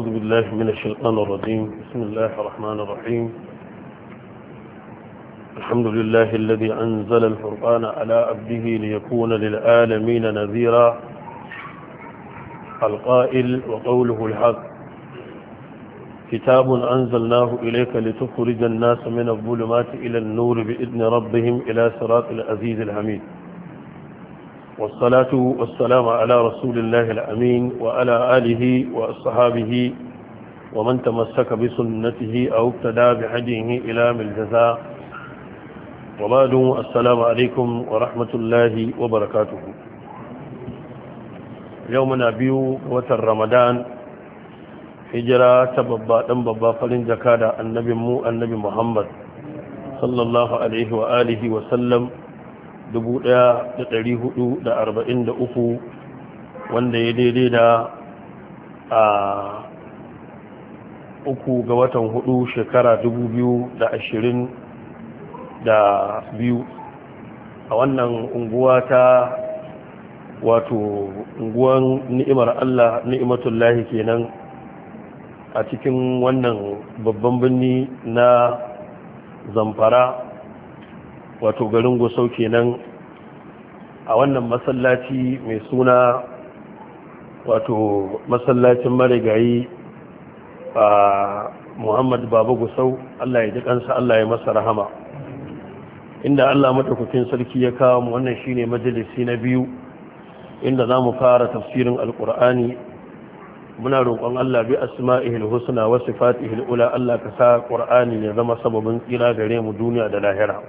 أعوذ بالله من الشيطان الرجيم بسم الله الرحمن الرحيم الحمد لله الذي أنزل الفرقان على عبده ليكون للعالمين نذيرا القائل وقوله الحق كتاب أنزلناه إليك لتخرج الناس من الظلمات إلى النور بإذن ربهم إلى صراط العزيز الحميد والصلاة والسلام على رسول الله الأمين وعلى آله وأصحابه ومن تمسك بسنته أو ابتدى بحديه إلى ملجزاء وبعد السلام عليكم ورحمة الله وبركاته يومنا بيو وتر رمضان هجرة تببا تنببا فلنجكاد النبي مو النبي محمد صلى الله عليه وآله وسلم 1443 wanda ya daidai da a uku ga watan hudu shekara 2022 a wannan unguwa ta wato unguwan ni'imar Allah ni'imatullahi kenan a cikin wannan babban birni na zamfara wato garin gusau kenan a wannan masallaci mai suna wato masallacin marigayi a muhammadu baba gusau allah ya ji kansa allah ya masa rahama inda allah matakukin sarki ya kawo mu wannan shine majalisi na biyu inda za mu fara tafsirin alkur'ani muna roƙon allah bi asma'ihil husna wasu fatihil ula allah ka sa qur'ani ya zama sababin tsira gare mu duniya da lahira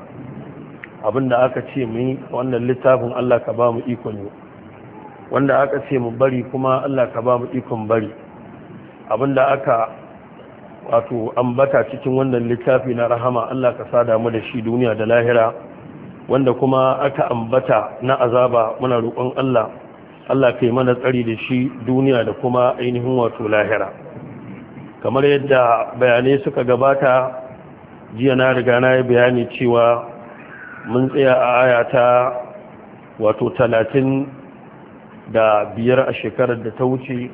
abinda aka ce mu wannan littafin Allah ka ba mu ikon yi wanda aka ce mu bari kuma Allah ka ba mu ikon bari abinda aka wato ambata cikin wannan littafi na rahama Allah ka sada mu da shi duniya da lahira wanda kuma aka ambata na azaba muna roƙon Allah Allah ka yi mana tsari da shi duniya da kuma ainihin wato lahira kamar yadda bayanai suka gabata jiya na riga na yi bayani cewa mun tsaya a ayata wato talatin da biyar a shekarar da ta wuce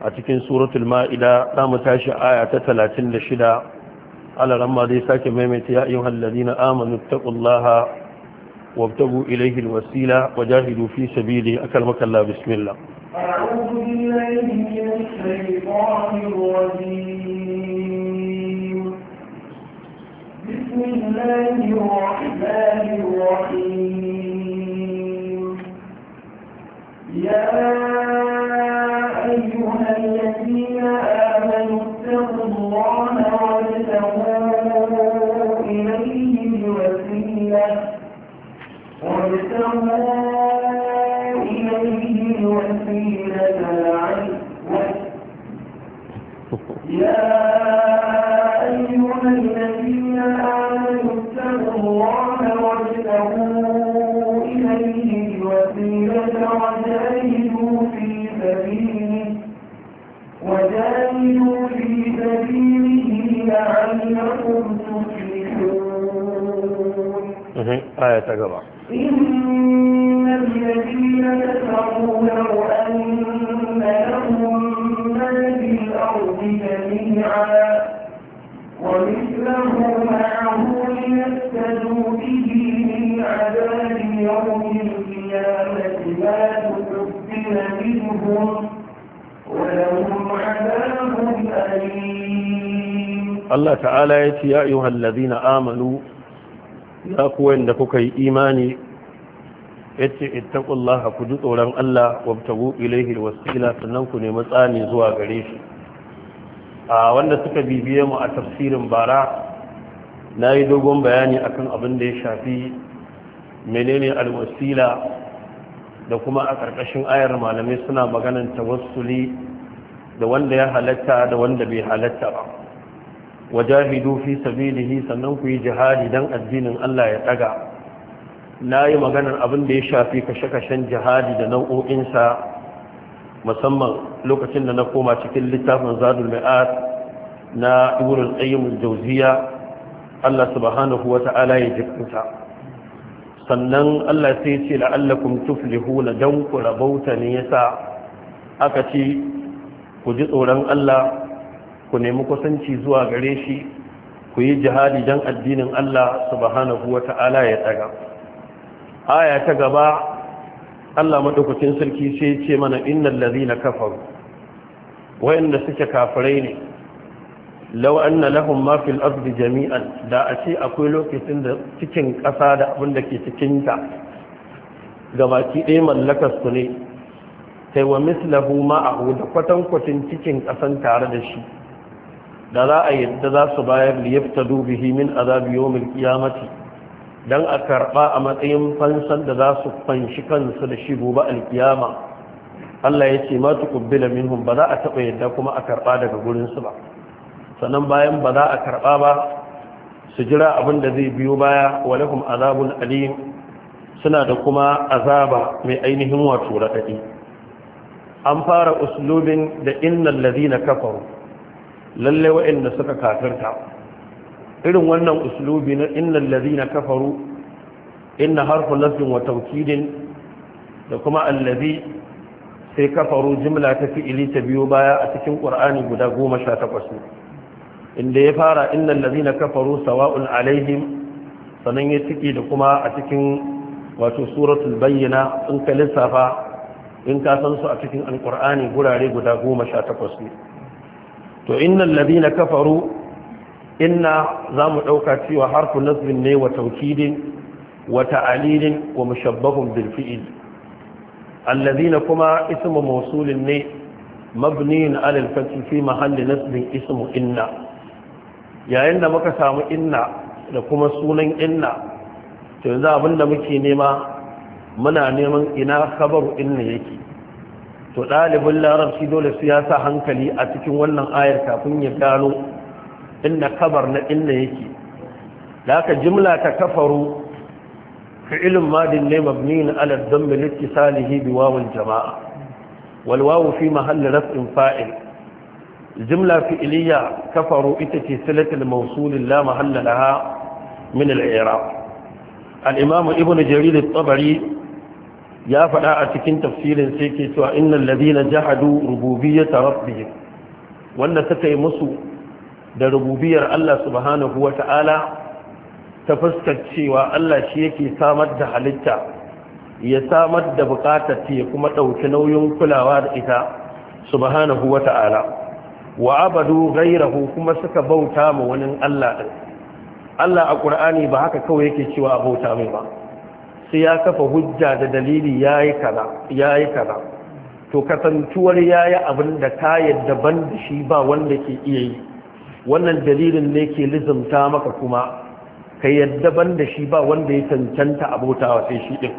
a cikin suratul ma'ida za mu tashi ayata talatin da shida alaramma zai sake maimaita ya yi hallari na amanu taƙullaha wabtagu ilaihin wasila wajahidu fi sabili a kalmakalla bismillah ne بالله من الشيطان الرجيم الله الرحمن الرحيم يا أيها الذين آمنوا اتقوا الله إليه الوسيلة إليه الوسيلة يا أيها الذين وجاهدوا في سبيله لعلكم تفلحون. آية تقرأ. إن الذين كفروا لو أن لهم ما في الأرض جميعا يفتدوا به من عذاب يوم القيامة ما تقبل منهم ولهم عذاب أليم الله تعالى يتي يا أيها الذين آمنوا يا أخوة إنكم إيماني yace ittaqullaha ku ji tsoron Allah wabtagu ilaihi alwasila sannan ku nemi tsani zuwa gare shi a wanda suka bibiye mu a tafsirin bara na yi dogon bayani akan abin da ya shafi menene alwasila da kuma a ƙarƙashin ayar malamai suna maganin tawassuli da wanda ya halatta da wanda bai halatta ba wajahidu fi sabilihi sannan ku yi jihadi don addinin Allah ya ɗaga. Na yi maganar abin da ya shafi kashe-kashen jihadi da nau'o'insa musamman lokacin da na koma cikin littafin zadul mai'ad na ɗurin al jauziya. Allah subhanahu ta’ala ya jikinta sannan Allah sai ce la'allakum tuflihuna dan ku rabauta ne yasa aka ce ku ji tsoron Allah ku nemi kusanci zuwa gare shi ku yi jihadi dan addinin Allah subhanahu ta’ala ya tsaga aya ta gaba Allah madaukakin sarki sai ya ce mana innal ladhina kafaru Wayanda suke kafirai ne lau an na lahun mafil jami'an da a ce akwai lokacin da cikin ƙasa da abin da ke cikinta gabaki ɗaya mallakarsu ne sai wa mislahu ma'ahu da kwatankwacin cikin ƙasan tare da shi da za a yadda za su bayar da yafta dubihi min azabi yawmin qiyamati dan a karɓa a matsayin fansan da za su fanshi kansu da shi gobe alkiyama Allah ya ce ma da minhum ba za a taɓa yadda kuma a karɓa daga gurin su ba sannan bayan ba za a karɓa ba su jira abin da zai biyo baya walakum azabun alim suna da kuma azaba mai ainihin wato raɗaɗi an fara uslubin da innan lazina kafaru lalle wa'inda suka kafirta irin wannan uslubi na innan lazina kafaru inna harfu nafin wa taukidin da kuma allazi sai kafaru jimla ta fi'ili ta biyo baya a cikin ƙur'ani guda goma sha takwas ne inda ya fara innan ladina kafaru sawa'un alaihim sanan ya ciki da kuma a cikin wato suratul bayyana, in ka lissafa in ka san su a cikin alkur'ani gurare guda takwas ne to innan ladina kafaru inna zamu ɗauka cewa harfu nasbin ne wa taukidin, wa ta'lilin wa mushabbahun bil fi'l alladina kuma ismu mawsulin ne mabniyin alal fathi fi mahalli nasbin ismu inna yayin da muka samu inna da kuma sunan inna to yanzu abinda muke nema muna neman ina kabaru inna yake to ɗalibin larabci dole su ya sa hankali a cikin wannan ayar kafin ya gano inna kabar na inna yake da aka jimla ta kafaru fi'ilin madin ne mabni alar aladdan miliski salihi biwawun jama'a walwawu fi mahallin rafin fa'il jumla fi'iliya kafaru ita ce silatul mawsulin la mahalla laha min al-i'rab al-imam ibnu jarir at-tabari ya faɗa a cikin tafsirin sai ke cewa innal ladina jahadu rububiyyata rabbihim wanda suka yi musu da rububiyar Allah subhanahu wata'ala ta fuskar cewa Allah shi yake samar da halitta ya samar da bukatar ta kuma ɗauki nauyin kulawa da ita subhanahu wata'ala wa abadu gairahu kuma suka bauta ma wani Allah ɗin Allah a ƙur'ani ba haka kawai yake cewa a bauta mai ba sai ya kafa hujja da dalili ya yi kaza to kasantuwar ya yi abin da ka yadda ban da shi ba wanda ke iya yi wannan dalilin ne ke lizimta maka kuma ka yadda ban da shi ba wanda ya cancanta abota wa sai shi ɗin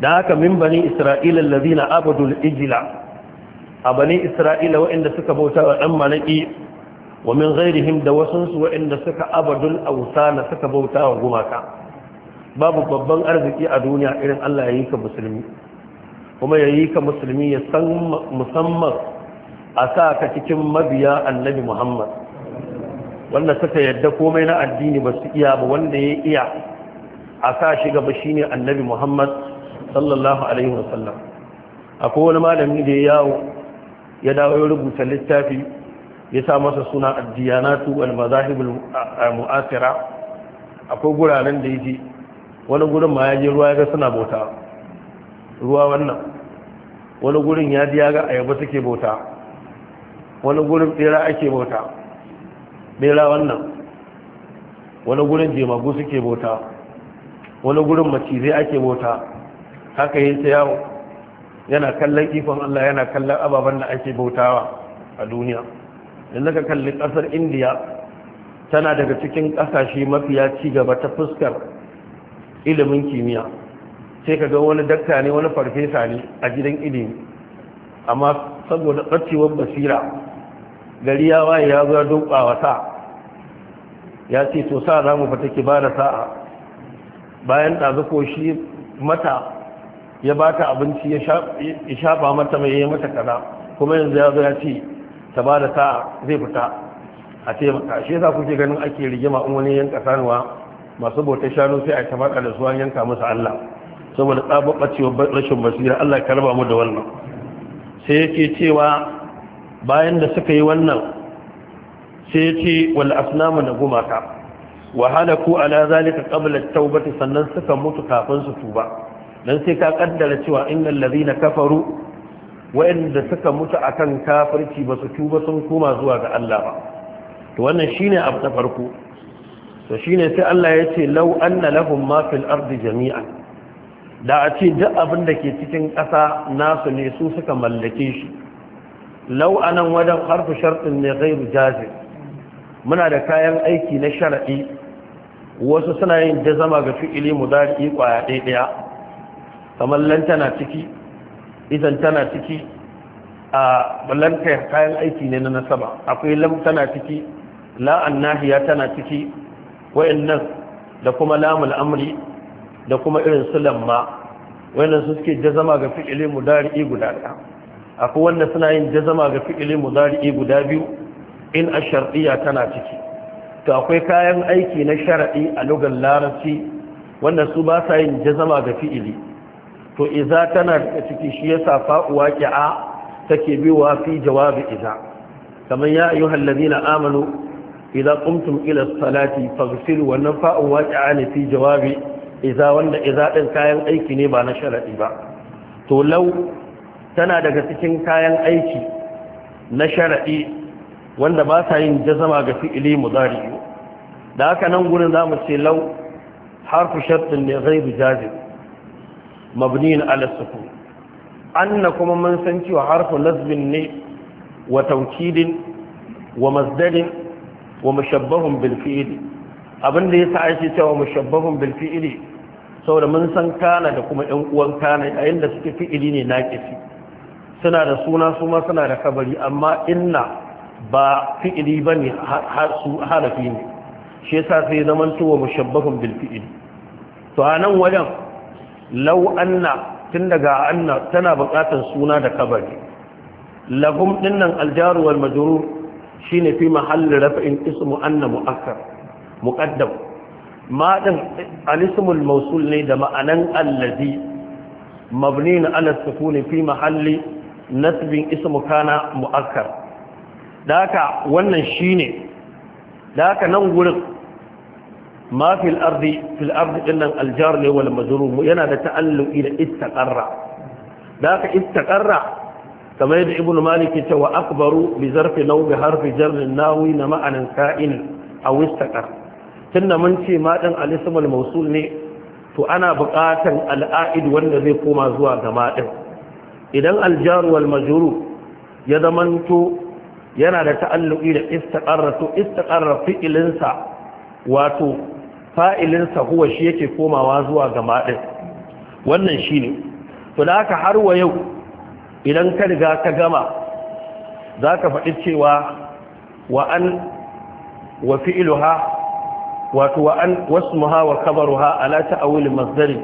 da haka min bani isra'ila lalzina abadul ijila a bani isra'ila waɗanda suka bauta wa ɗan malaki wa min ghairihim da wasansu waɗanda suka abadul na suka bauta wa gumaka babu babban arziki a duniya irin Allah ya yi ka musulmi kuma ya yi ka musulmi ya san musamman a sa ka cikin mabiya annabi Muhammad wanda suka yadda komai na addini ba su iya ba wanda ya iya a sa shi gaba shine annabi Muhammad sallallahu alaihi wasallam akwai wani malami da ya yawo ya dawo ya rubuta littafi ya sa masa suna addiyanatu wal al mu'asira akwai guraren da yake wani gurin ma ya je ruwa ya ga suna bauta ruwa wannan wani gurin ya ji ya ga ayaba take bauta wani gurin tsira ake bauta bera wannan wani gurin jemagu suke bauta wani gurin macizai ake bauta haka yin ta yawo yana kallon ikon Allah yana kallon ababen da ake bautawa a duniya yanzu ka kalli kasar indiya tana daga cikin kasashe mafiya ci gaba ta fuskar ilimin kimiyya sai ka ga wani dakta ne wani farfesa ne a gidan ilimi amma saboda ɓacewar basira gari ya waye ya zo duba wa sa ya ce to sa za mu fata ki ba da sa'a bayan ɗazu ko shi mata ya ba ta abinci ya shafa mata mai yi mata kaza kuma yanzu ya zo ya ce ta ba da ta zai fita a ce maka shi yasa kuke ganin ake rigima in wani yanka sanuwa masu bautar shanu sai a ta faɗa da su yanka musu Allah saboda tsabar cewa rashin basira Allah ya karba mu da wannan sai yake cewa bayan da suka yi wannan sai ce wal asnamu da gumaka wahala ku ala zalika qabla at-taubati sannan suka mutu kafin su tuba dan sai ka kaddara cewa innal ladina kafaru wa'anda suka mutu akan kafirci ba su tuba sun koma zuwa ga Allah ba to wannan shine abu na farko to shine sai Allah ya ce law anna lahum ma fil ardi jami'an da a ce duk abin da ke cikin ƙasa nasu ne su suka mallake shi law anan wadan harfu shartin ne ghairu jazim muna da kayan aiki na sharaɗi wasu suna yin da zama ga fi'ili mudari ƙwaya ɗaya kamar lantana tana ciki idan tana ciki a balanta kayan aiki ne na nasaba akwai lantana tana ciki la'an nahiya tana ciki wayannan da kuma lamul amri da kuma irin su lamma wayannan su suke jazama ga fi'ili mudari'i guda ɗaya akwai wanda suna yin jazama ga fi'ili mudari'i guda biyu in ash shar'iyya tana ciki to akwai kayan aiki na shar'i a lugar larabci wannan su ba sa yin jazama ga fi'ili to iza tana daga ciki shi yasa fa'u waqi'a take biwa fi jawabi iza kamar ya ayyuhal ladina amanu idza qumtum ila salati faghsilu wannan fa'u waqi'a ne fi jawabi iza wanda iza din kayan aiki ne ba na sharadi ba to law tana daga cikin kayan aiki na sharadi wanda ba sa yin jazama ga fi'ili mudari da haka nan gurin zamu ce law harfu shartin ne ghairu jazim mabniyin ala anna kuma mun san cewa harfu nasbin ne wa taukidin wa masdarin wa mushabbahun bil fi'li abin da yasa ake cewa mushabbahun bil fi'li saboda mun san kana da kuma ƴan uwan kana yayin da suke fi'ili ne naqifi suna da suna su ma suna da kabari amma inna ba fi'ili bane harafi ne shi yasa sai zaman tuwa mushabbahun bil fi'li to a nan wajen lau anna tun daga anna tana buƙatar suna da kabari Lagum dinnan aljaruwar wal shi ne fi mahalli raf'in ismu anna mu'akkar muqaddam ma din al-ismul ne da ma'anan allazi mabni ala ne fi mahalli nasbin ismu kana mu'akkar daka wannan shi shine daka nan gurin ma fil ardi fil ardi aljar ne wal yana da ta'alluqi da istaqarra da aka istaqarra kamar yadda ibnu malik cewa akbaru bi zarfi nau'i harfi jar nawi na ma'anan ka'in aw istaqar tunda mun ce ma din al ne to ana buƙatar al wanda zai koma zuwa ga ɗin. idan aljar wal ya zamanto yana da ta'alluqi da istaqarra to istaqarra fi'ilinsa wato fa'ilinsa huwa shi yake komawa zuwa gama maɗin wannan shi ne to da har wa yau idan ka riga ka gama za ka faɗi cewa wa an wa wato wa an wasmuha wa kabaruha ala ta'awil masdari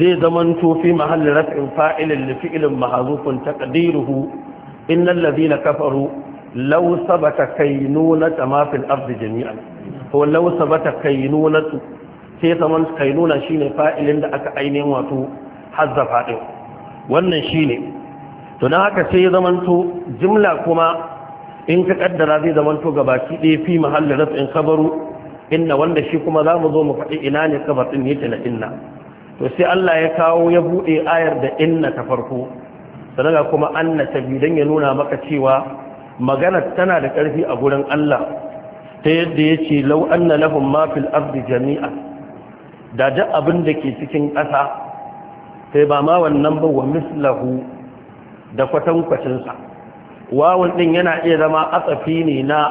zai zamanto fi mahallin raf'in fa'ilin li fi'ilin mahzufun taqdiruhu innal na kafaru law sabata kainunata ma fil ardi jami'an ko law sabata kainunatu sai nuna shi ne fa'ilin da aka ainihin wato hazzafa ɗin wannan shine to dan haka sai ya to jumla kuma in ka ƙaddara zai zamanto ga baki ɗaya fi mahallin rafin kabaru inna wanda shi kuma za mu zo mu faɗi ina ne kabar ɗin yake na inna to sai Allah ya kawo ya buɗe ayar da inna ta farko sanaga kuma anna ta biyu don ya nuna maka cewa magana tana da ƙarfi a gurin Allah ta yadda ya ce lau an na lahun mafil arzi jami'a da duk abin da ke cikin ƙasa sai ba ma wannan ba wa mislahu da kwatankwacinsa wawon ɗin yana iya zama atsafi ne na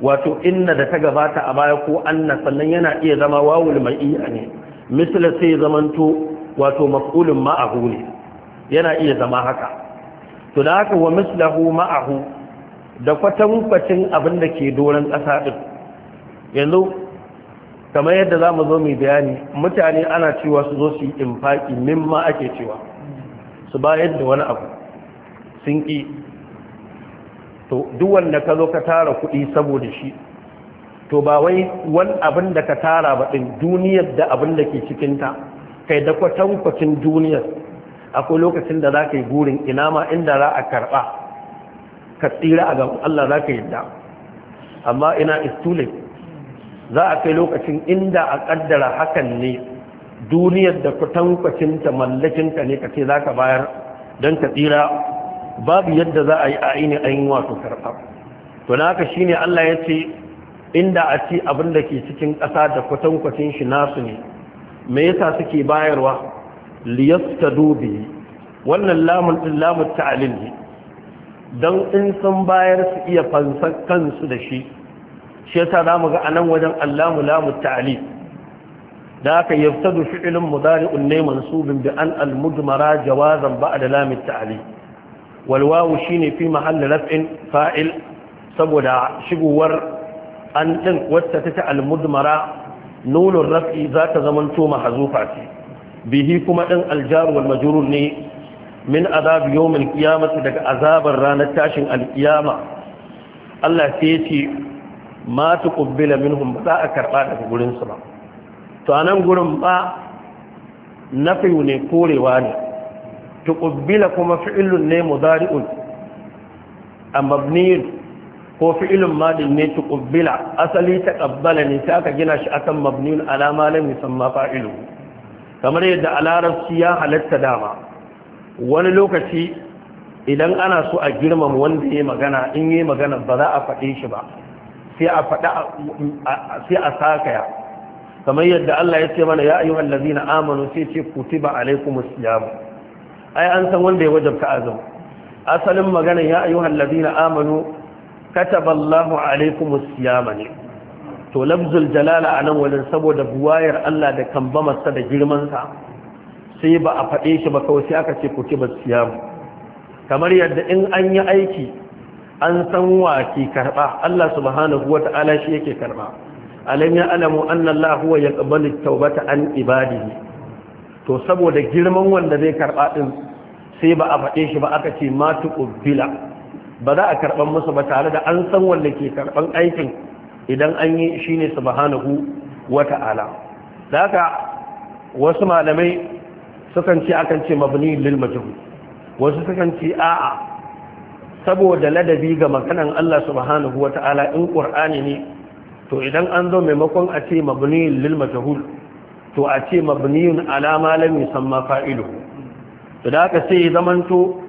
wato inna da ta gabata a baya ko anna sannan yana iya zama wawul mai ne misla sai zamanto wato maf'ulun ma'ahu ne yana iya zama haka to da haka wa mislahu ma'ahu da kwatankwacin abin da ke doron ƙasa ɗin yanzu kamar yadda za mu zo mai bayani mutane ana cewa su zo su yi infaƙi mimma ake cewa su bayar da wani abu sun ƙi to duwan da ka zo ka tara kuɗi saboda shi to ba wai wani abin da ka tara ba ɗin duniyar da abin da ke cikinta kai da kwatankwacin duniyar akwai lokacin da za ka yi burin ina ma inda za a karɓa ka tsira a gaban Allah za ka yadda amma ina istule za a kai lokacin inda a kaddara hakan ne duniyar da kwatankwacinta mallakinta ne ka ce za ka bayar don ka tsira babu yadda za a yi a ainihin wato karɓa to na haka shine Allah ya ce inda a ci abin da ke cikin ƙasa da kwatankwacin shi nasu ne me yasa suke bayarwa liyasta dubi wannan lamun din lamun ta'alil ne don in sun bayar su iya fansar kansu da shi shi yasa za mu ga a nan wajen allamu lamu ta'ali da aka yaftadu fi'ilin mudari'un ne mansubin bi an almudmara jawazan da lamu ta'ali Walwawu shi shine fi mahalli raf'in fa'il saboda shigowar an wata ta ta almudmara nunun raf'i za ta zamanto mahazufa ce bihi kuma ɗin aljar wal ne min azab yawmil qiyamati daga azabar ranar tashin alkiyama Allah sai ce ma tuqbila minhum ba za a karba daga gurin su ba to anan gurin ba nafiyu ne korewa ne tuqbila kuma fi'lun ne mudari'un amabniyun ko fi'lun madin ne tuqbila asali ta ƙabbala ne sai aka gina shi akan mabniyun alama lam yusamma fa'ilu kamar yadda a larabci ya halatta dama wani lokaci idan ana so a girmama wanda ya magana in yi magana ba za a faɗe shi ba sai a sakaya kamar yadda Allah ya ce mana ya ayyuhal ladina amanu sai ce kutiba alaikumus siyam ai an san wanda ya wajabta azum asalin magana ya ayyuhal ladina amanu kataballahu alaikumus siyam ne to labzul jalala anan wajen saboda buwayar Allah da kambamarsa da girman sa sai ba a faɗe shi ba kawai sai aka ce ku ci basiyam kamar yadda in an yi aiki an san wa ke karɓa Allah subhanahu wa ta'ala shi yake karɓa alam ya alamu anna wa yaqbalu tawbata an ibadihi to saboda girman wanda zai karɓa din sai ba a faɗe shi ba aka ce ma tuqbila ba za a karɓan musu ba tare da an san wanda ke karɓan aikin idan an yi shine subhanahu wa ta'ala da haka wasu malamai sukan ce akan ce mabni lil majhul wasu sukan ce a'a saboda ladabi ga maganan Allah subhanahu wata'ala in qur'ani ne to idan an zo maimakon a ce mabni lil majhul to a ce mabniyun ala ma lam yusamma fa'iluhu to da haka sai zamanto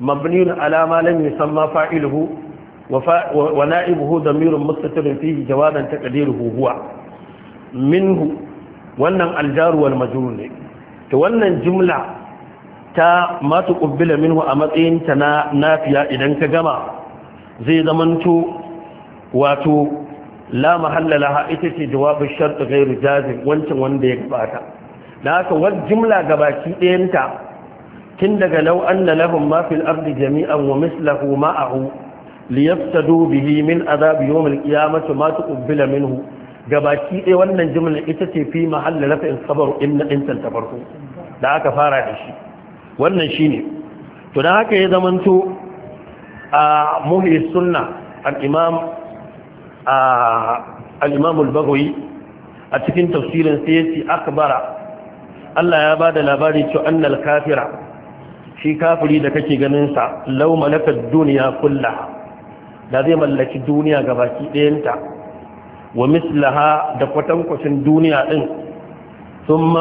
mabniyun ala ma lam yusamma fa'iluhu wa na'ibuhu damirun mustatirun fihi jawadan taqdiruhu huwa minhu wannan aljaru wal majrur ne to wannan jimla ta matu ƙubbila minhu a matsayinta na nafiya idan ka gama zai zamanto wato la mahallala ita ce jawabin sharɗi gairu jazin wancan wanda ya gabata da haka wani jimla gabaki ɗayanta tun daga lau an na lahun mafil ardi jami'an wa mislahu ma'ahu liyafta bihi min azabi yawon mace matu ƙubbila minhu gabaki ɗaya wannan jimla ita ce fi mahallala fa'in sabar in na ɗintan ta farko da aka fara da shi wannan shi ne. to da haka ya zamanto a muhi sunna al-imam al-imam al a cikin tafsirin sai yace akbara Allah ya bada labari cewa annal kafira shi kafiri da kake ganin sa law malaka dunya da zai mallaki duniya gabaki ɗayanta wa mislaha da kwatankwacin duniya din sun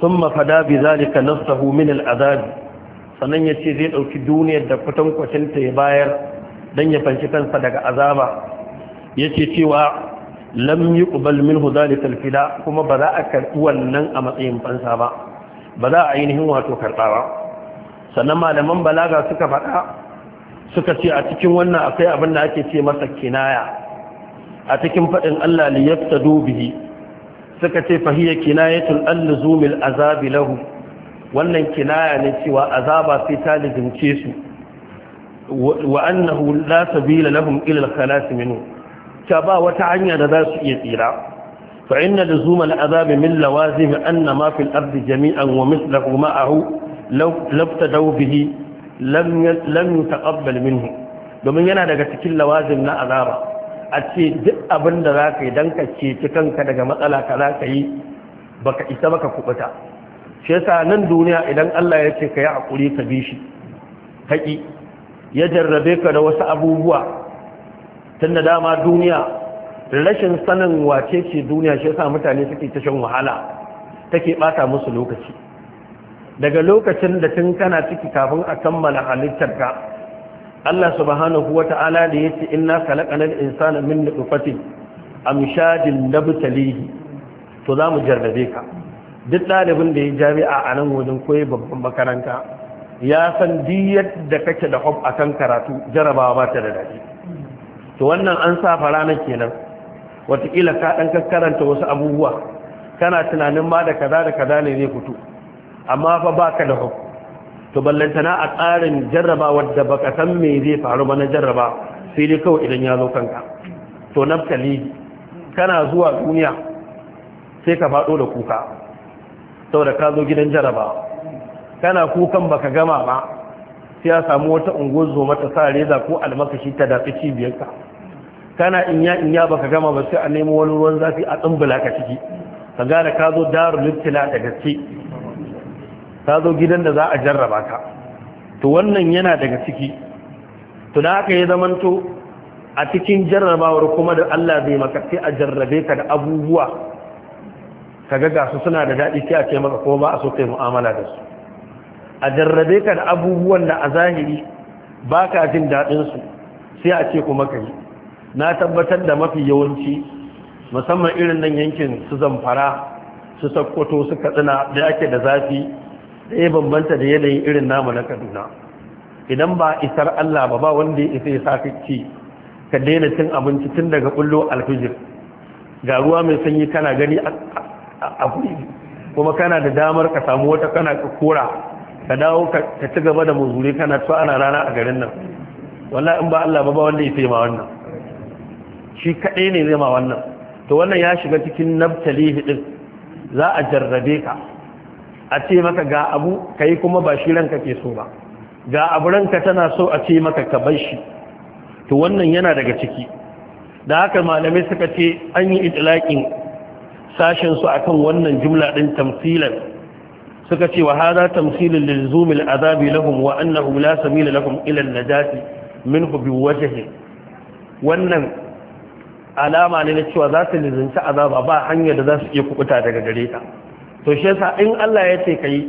ثم فدا بذلك نفسه من العذاب sannan ya ce zai ɗauki duniyar da kwatankwacin ta ya bayar don ya fanci kansa daga azaba ya ce cewa lam yi ƙubal min hudari kuma ba za a karɓi wannan a matsayin fansa ba ba za a ainihin wato karɓa ba sannan malaman balaga suka faɗa suka ce a cikin wannan akwai abin da ake ce masa kinaya a cikin faɗin allah liyafta dubihi suka ce fahiyya kinayatun alluzumil azabi lahu wannan kinaya ne cewa azaba sai ta lizimce su wa annahu la sabila lahum ila al-khalas minhu ta ba wata hanya da za su iya tsira fa inna luzum al-azab min lawazim an ma fil ardi jami'an wa mithluhu ma'ahu law labtadaw bihi lam lam yutaqabbal minhu domin yana daga cikin lawazim na azaba a ce duk abin da za ka yi don ka ceci kanka daga matsala ka za ka yi ba ka isa maka kubuta shi yasa nan duniya idan Allah ya ce ka yi hakuri ka bi shi haƙi ya jarrabe ka da wasu abubuwa tun da dama duniya rashin sanin wace ce duniya shi yasa mutane suke ta shan wahala take ɓata musu lokaci daga lokacin da tun kana ciki kafin a kammala halittarka Allah subhanahu wata'ala da ce inna khalaqanal insana min nutfatin amshajin nabtalihi to za mu jarrabe ka duk ɗalibin da ya jami'a a nan wajen koyi babban makaranta ya san diyar da kake da hob a kan karatu jarrabawa ba ta da daɗi to wannan an sa ranar kenan watakila ka ɗan karanta wasu abubuwa kana tunanin ma da kaza da kaza ne zai fito amma fa baka da hob to ballantana a tsarin jarraba wadda baka san me zai faru ba na jarraba sai dai kawai idan ya zo kanka to naftali kana zuwa duniya sai ka faɗo da kuka saboda ka zo gidan jarraba kana kukan baka gama ba sai ya samu wata unguwar zoma mata sa reza ko almakashi ta dafi cibiyarka kana inya inya baka gama ba sai a nemo wani ruwan zafi a tsumbula ka ciki ka gane ka zo darul ibtila da gaske ta zo gidan da za a jarraba ka to wannan yana daga ciki to da aka ya zamanto a cikin jarrabawar kuma da Allah zai maka sai a jarrabe ka da abubuwa ka ga su suna da daɗi sai a ce maka ko ba a so kai mu'amala da su a jarrabe ka da abubuwan da a zahiri ba ka jin su sai a ce kuma ka yi na tabbatar da mafi yawanci musamman irin nan yankin su zamfara su sakkwato su katsina da ake da zafi sai bambanta da yanayin irin namu na kaduna idan ba isar allah ba ba wanda ya isa ya sa ci ka daina cin abinci tun daga kullo alfijir ga ruwa mai sanyi kana gani a kuri kuma kana da damar ka samu wata kana ka kora ka dawo ka ci gaba da muzuri kana to ana rana a garin nan wallahi in ba allah ba ba wanda ya ma wannan shi kaɗai ne zai ma wannan to wannan ya shiga cikin nabtalihi din za a jarrabe ka a ce maka ga abu ka yi kuma ba shi ranka ke so ba ga abu ranka tana so a ce maka ka bar shi to wannan yana daga ciki da haka malamai suka ce an yi itilaƙin sashen su akan wannan jumla din tamsilan suka ce wa hada tamsilin lilzumil azabi lahum wa annahu la sabila lahum ila an-najati minhu biwajhi wannan alama ne na cewa za su lizinci azaba ba hanyar da za su iya kubuta daga gare ta to shi yasa in Allah ya ce kai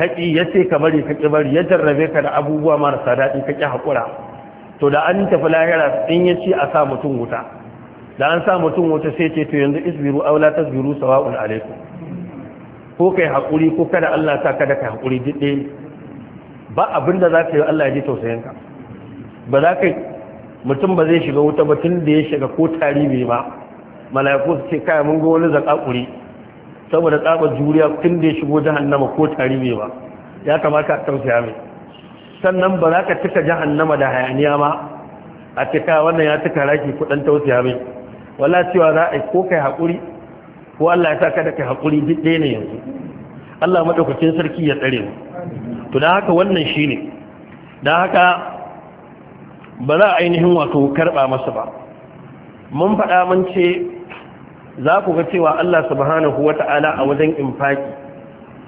haƙi ya ce ka bari ka ƙi bari ya jarrabe ka da abubuwa marasa daɗi ka ƙi haƙura to da an tafi lahira in ya ce a sa mutum wuta da an sa mutum wuta sai ce to yanzu isbiru Aula tasbiru sawa'un alaikum ko kai haƙuri ko kada Allah sa kada kai haƙuri duk ɗaya ba abin da za ka yi Allah ya ji tausayin ka ba za ka mutum ba zai shiga wuta ba tun da ya shiga ko tari bai ba mala'iku su ce kai mun ga wani zakakuri saboda tsabar juriya tun da ya shigo nama ko tarihi ba ya kamata a ya mai sannan ba za ka cika jahannama da hayaniya ma a cika wannan ya cika raki tausa ya mai wala cewa za a ko kai haƙuri ko Allah ya sa ka da kai haƙuri duk ɗaya ne yanzu Allah madaukakin sarki ya tsare mu to dan haka wannan shine dan haka ba za a ainihin wato karba masa ba mun faɗa mun ce za ku ga cewa Allah subhanahu wa ta'ala a wajen infaki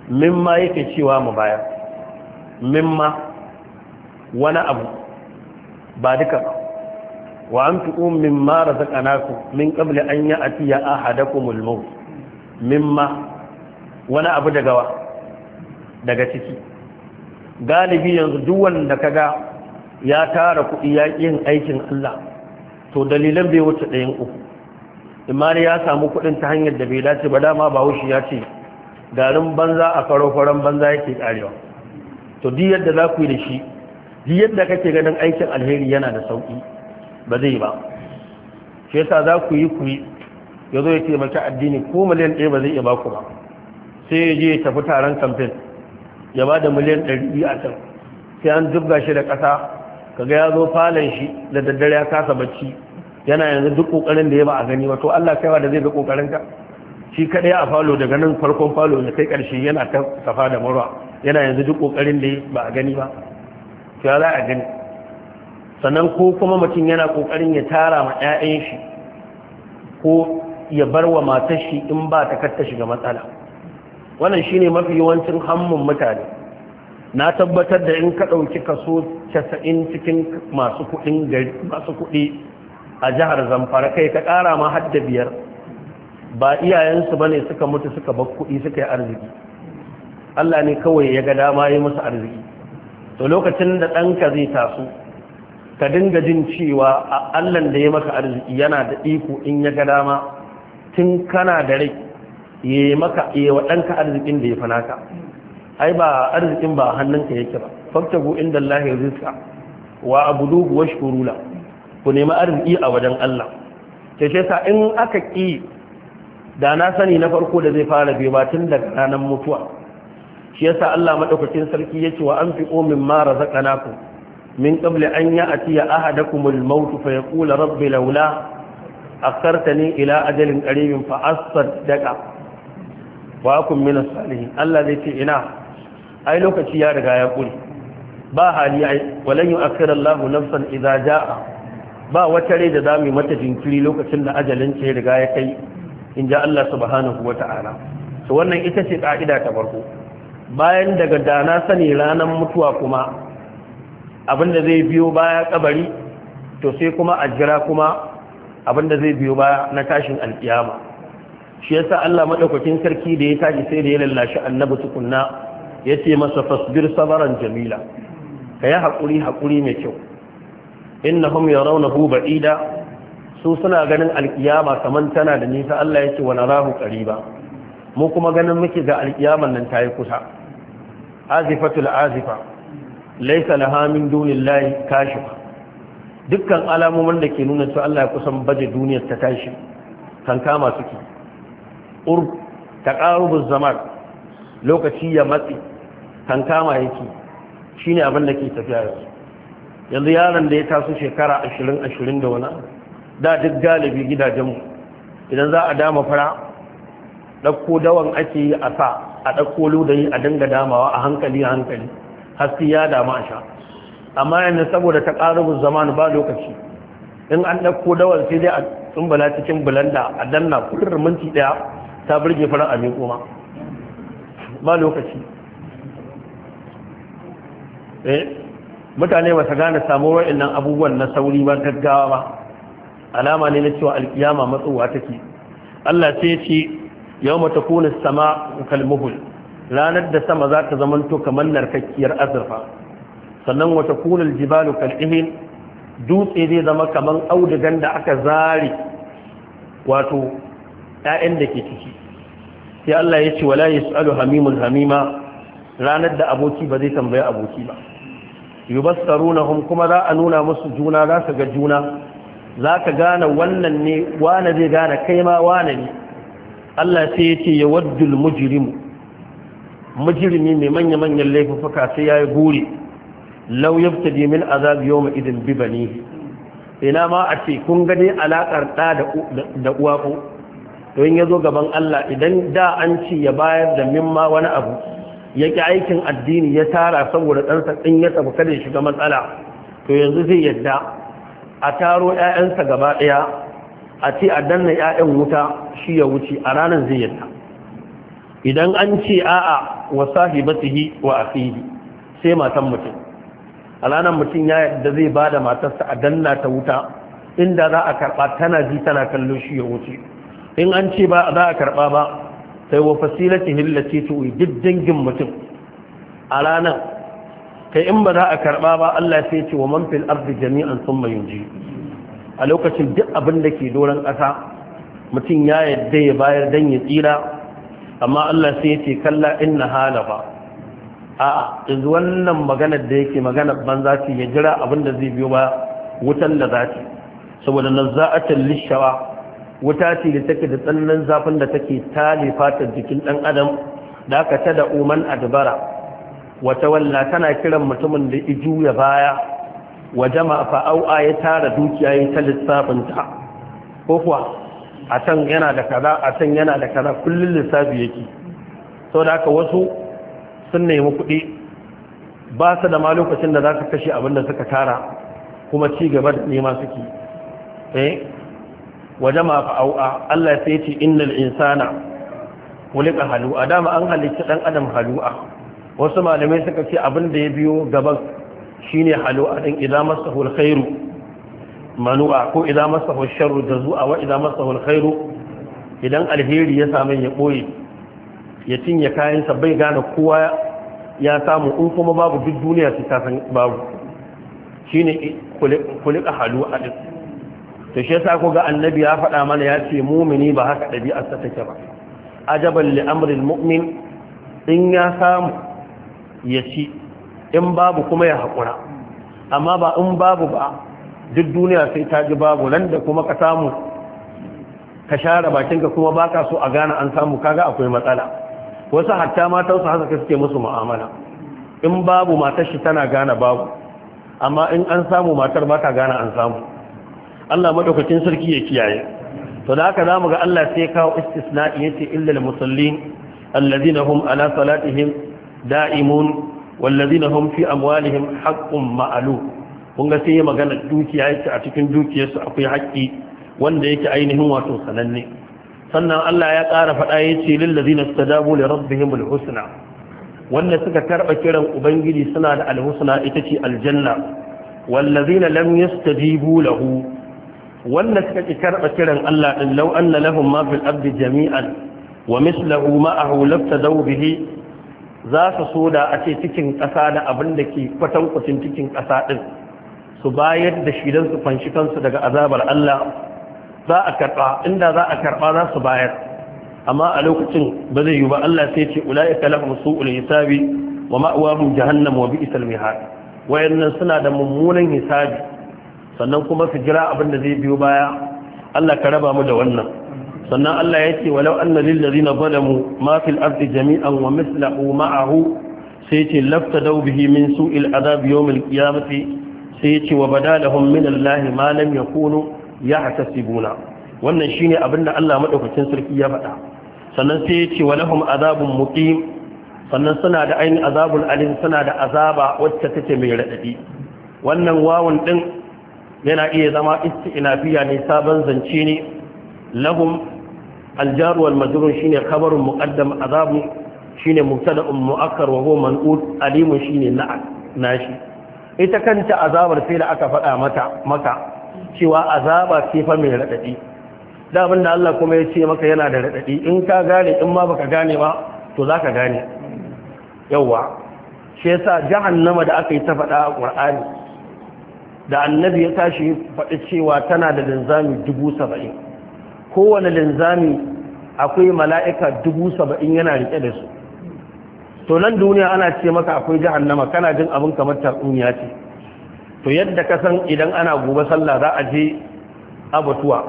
mimma yake cewa mu baya mimma wani abu ba duka ba wa an fi umin mara zaƙanaku min ƙabli an yi a fiye a hadakumul mimma wani abu daga wa daga ciki galibi yanzu duk wanda ga ya tara kuɗi ya yin aikin Allah to dalilan bai wuce ɗayan uku imari ya samu kuɗin ta hanyar da bai dace ba dama ba wushi ya ce garin banza a karo faran banza yake karewa to duk yadda za ku yi da shi duk yadda kake ganin aikin alheri yana da sauki ba zai ba shi yasa za ku yi ku yi ya zo ya taimaki addini ko miliyan ɗaya ba zai iya baku ba sai ya je ya tafi taron kamfen ya ba da miliyan ɗari biyu a can sai an zubga shi da ƙasa kaga ya zo falon shi da daddare ya kasa bacci yana yanzu duk kokarin da ya ba a gani wato Allah kaiwa da zai ga kokarin ka shi kadai a falo daga nan farkon falo ne kai karshe yana ta safa da marwa yana yanzu duk kokarin da ba a gani ba to ya za a gani sannan ko kuma mutum yana kokarin ya tara ma ƴaƴan shi ko ya bar wa matar shi in ba ta katta shiga matsala wannan shine mafi yawancin hammun mutane na tabbatar da in ka ɗauki kaso 90 cikin masu kuɗi a jihar zamfara kai ka kara ma hadda biyar ba iyayensu ba ne suka mutu suka bar kuɗi suka yi arziki Allah ne kawai ya ga dama yi musu arziki to lokacin da ɗanka zai taso ka dinga jin cewa a Allah da ya maka arziki yana da iko in ya ga dama tun kana da rai ya yi maka ya wa ɗanka arzikin da ya fi naka ai ba arzikin ba hannunka yake ba gu inda Allah ya rizka wa abudu wa shukurula ku nemi arziki a wajen Allah sai sa in aka ki da na sani na farko da zai fara biyo ba tun daga ranar mutuwa shi yasa Allah madaukakin sarki yace wa anfiqu mimma razaqnakum min qabli an ya'tiya ahadakumul maut fa yaqula rabbi laula akhartani ila ajalin qaribin fa asaddaqa wa akun min salihin Allah zai ce ina ai lokaci ya riga ya kure ba hali ai walan yu'akhir Allahu nafsan idza jaa ba wata rai da zamu mata jinkiri lokacin da ajalin ce riga ya kai in ja Allah subhanahu wata'ala to wannan ita ce ka'ida ta farko bayan daga dana sani ranan mutuwa kuma abinda zai biyo baya kabari to sai kuma a jira kuma abinda zai biyo baya na tashin alkiyama shi yasa Allah madaukakin sarki da ya tashi sai da ya lallashi annabi tukunna yace masa fasbir sabaran jamila kai hakuri hakuri mai kyau innahum yarawnahu ba'ida su suna ganin alkiyama kaman tana da nisa Allah yake wa narahu qariba mu kuma ganin muke ga alkiyaman nan tayi kusa azifatul azifa laysa laha min dunillahi kashifa dukkan alamomin da ke nuna cewa Allah ya kusan baje duniyar ta tashi kan kama suke ur taqarubuz zaman lokaci ya matsi kan kama yake shine abin da ke tafiya yanzu yanzu yaron da ya taso shekara ashirin ashirin da wani da duk galibi gidajenmu idan za a dama fara ɗauko dawan ake yi a sa a ɗauko ludayi a dinga damawa a hankali a hankali haske ya dama a sha amma yanzu saboda ta ƙarubin zamani ba lokaci in an ɗauko dawan sai dai a tsumbala cikin bulanda a danna kudin minti ɗaya ta birge fara a miƙo ma ba lokaci eh? mutane ba su gane samuwar nan abubuwan na sauri ba gaggawa ba alama ne na cewa alkiyama matsowa take Allah sai ce yau mata kunis sama kalmuhul ranar da sama za ta zamanto kamar narkakkiyar azurfa sannan wata kunin jibalu kal'ihin dutse zai zama kamar audigan da aka zare wato 'ya'yan da ke ciki sai Allah ya ce wala yas'alu hamimul hamima ranar da aboki ba zai tambaya aboki ba yubassarunahum kuma za a nuna musu juna za su ga juna za ka gane wannan ne wane zai gane kai ma wane ne Allah sai ya ce ya waddul mujrimu mujrimi mai manya-manyan laifuka sai ya yi guri lau yaftadi min azab yawma idin bi banihi ina ma a ce kun gani alaƙar ɗa da uwa ko don ya zo gaban Allah idan da an ci ya bayar da ma wani abu ya ƙi aikin addini ya tara saboda ɗansa ɗin ya tafi kada ya shiga matsala to yanzu zai yadda a taro 'ya'yansa gaba ɗaya a ce a danna 'ya'yan wuta shi ya wuce a ranar zai yadda idan an ce a'a wa yi wa akhihi sai matan mutum a ranar mutum ya yadda zai ba da matarsa a danna ta wuta inda za a karɓa tana ji tana kallo shi ya wuce in an ce ba za a karɓa ba Sai wa fasilati hillati tuwi duk dangin mutum a ranar kai in ba za a karba ba Allah sai ce wa man fil ardi jami'an thumma yunji a lokacin duk abin da ke doron ƙasa mutum ya yadda ya bayar dan ya tsira amma Allah sai ya ce kalla inna halaba a yanzu wannan maganar da yake maganar banza ce ya jira abin da zai biyo ba wutan da zati saboda nazza'atan lishawa wuta ce da take da tsananin zafin da take tale fatar jikin ɗan adam da aka ta da umar adbara wata walla tana kiran mutumin da iju ya baya wa jama'a fa'au'a ya tara dukiya ya ta lissafinta ko kuwa a can yana da kaza a can yana da kaza kullum lissafi yake sau da aka wasu sun nemi kuɗi ba su da ma lokacin da za ka kashe abin da suka tara kuma ci gaba da nema suke eh? wa jama fa au'a Allah sai ya ce innal insana kulika halu'a dama an halicci dan adam halu'a wasu malamai suka ce abin da ya biyo gaban shine halu'a din idan masahu alkhairu manu'a ko idan masahu sharru zu'a wa idan masahu alkhairu idan alheri ya samu ya boye ya cinye kayansa bai gane kowa ya samu in kuma babu duk duniya su ta san babu shine kulika halu'a din to shi yasa ku ga annabi ya faɗa mana ya ce mumini ba haka ɗabi'ar ta take ba ajaban li mu'min in ya samu ya ci in babu kuma ya haƙura amma ba in babu ba duk duniya sai ta ji babu nan da kuma ka samu ka share bakinka kuma baka so a gane an samu kaga akwai matsala wasu hatta matan su haka suke musu mu'amala in babu matar shi tana gane babu amma in an samu matar ba ta gane an samu Allah madaukakin sarki ya kiyaye to da haka zamu ga Allah sai kawo istisna'i yace illal musallin alladhina hum ala salatihim da'imun walladhina hum fi amwalihim haqqun ma'lum kun ga sai magana dukiya yace a cikin dukiyarsu akwai haƙƙi wanda yake ainihin wato sananne sannan Allah ya ƙara faɗa yace lillazina da li rabbihimul husna wanda suka karɓa kiran ubangiji suna da alhusna ita ce aljanna wallazina lam yastajibu lahu wanda suka ki karɓa kiran Allah ɗin lau an na lahun ma fil abdi jami'an wa mislahu ma'ahu lafta dau bihi za su so da a ce cikin ƙasa da abin da ke kwatankwacin cikin ƙasa ɗin su bayar da shi don su fanshi kansu daga azabar Allah za a karɓa inda za a karɓa za su bayar amma a lokacin ba zai yi ba Allah sai ce ula'ika lahum su'ul hisabi wa ma'awahum jahannam wa bi'sal mihad wayannan suna da mummunan hisabi sannan kuma su jira abin da zai biyo baya Allah ka raba mu da wannan sannan Allah ya ce walau anna lil ladina zalamu ma fil ardi jami'an wa mithluhu ma'ahu sai ce laftadau bihi min su adab yawm al qiyamati sai ce wa badalahum min Allah ma lam yakunu yahtasibuna wannan shine abin da Allah madaukakin sarki ya faɗa sannan sai ya ce wa lahum adabun muqim sannan suna da ainihin azabul alim suna da azaba wacce take mai raɗaɗi wannan wawan ɗin yana iya zama isti'nafiya ne sabon zance ne lahum aljaru wal majrur shine khabarun muqaddam azab shine mubtada'un mu'akkar wa huwa man'ud alim shine na nashi ita kanta azabar sai da aka faɗa mata maka cewa azaba ce fa mai radadi da abin da Allah kuma ya ce maka yana da radadi in ka gane in ma baka gane ba to zaka gane yawa shi yasa jahannama da aka yi ta faɗa a Qur'ani da annabi ya tashi faɗi cewa tana da linzami dubu saba'in kowane linzami akwai mala'ika dubu saba'in yana riƙe da su to nan duniya ana ce maka akwai jahannama kana jin abin kamar ya ce to yadda ka san idan ana gobe sallah za a je abatuwa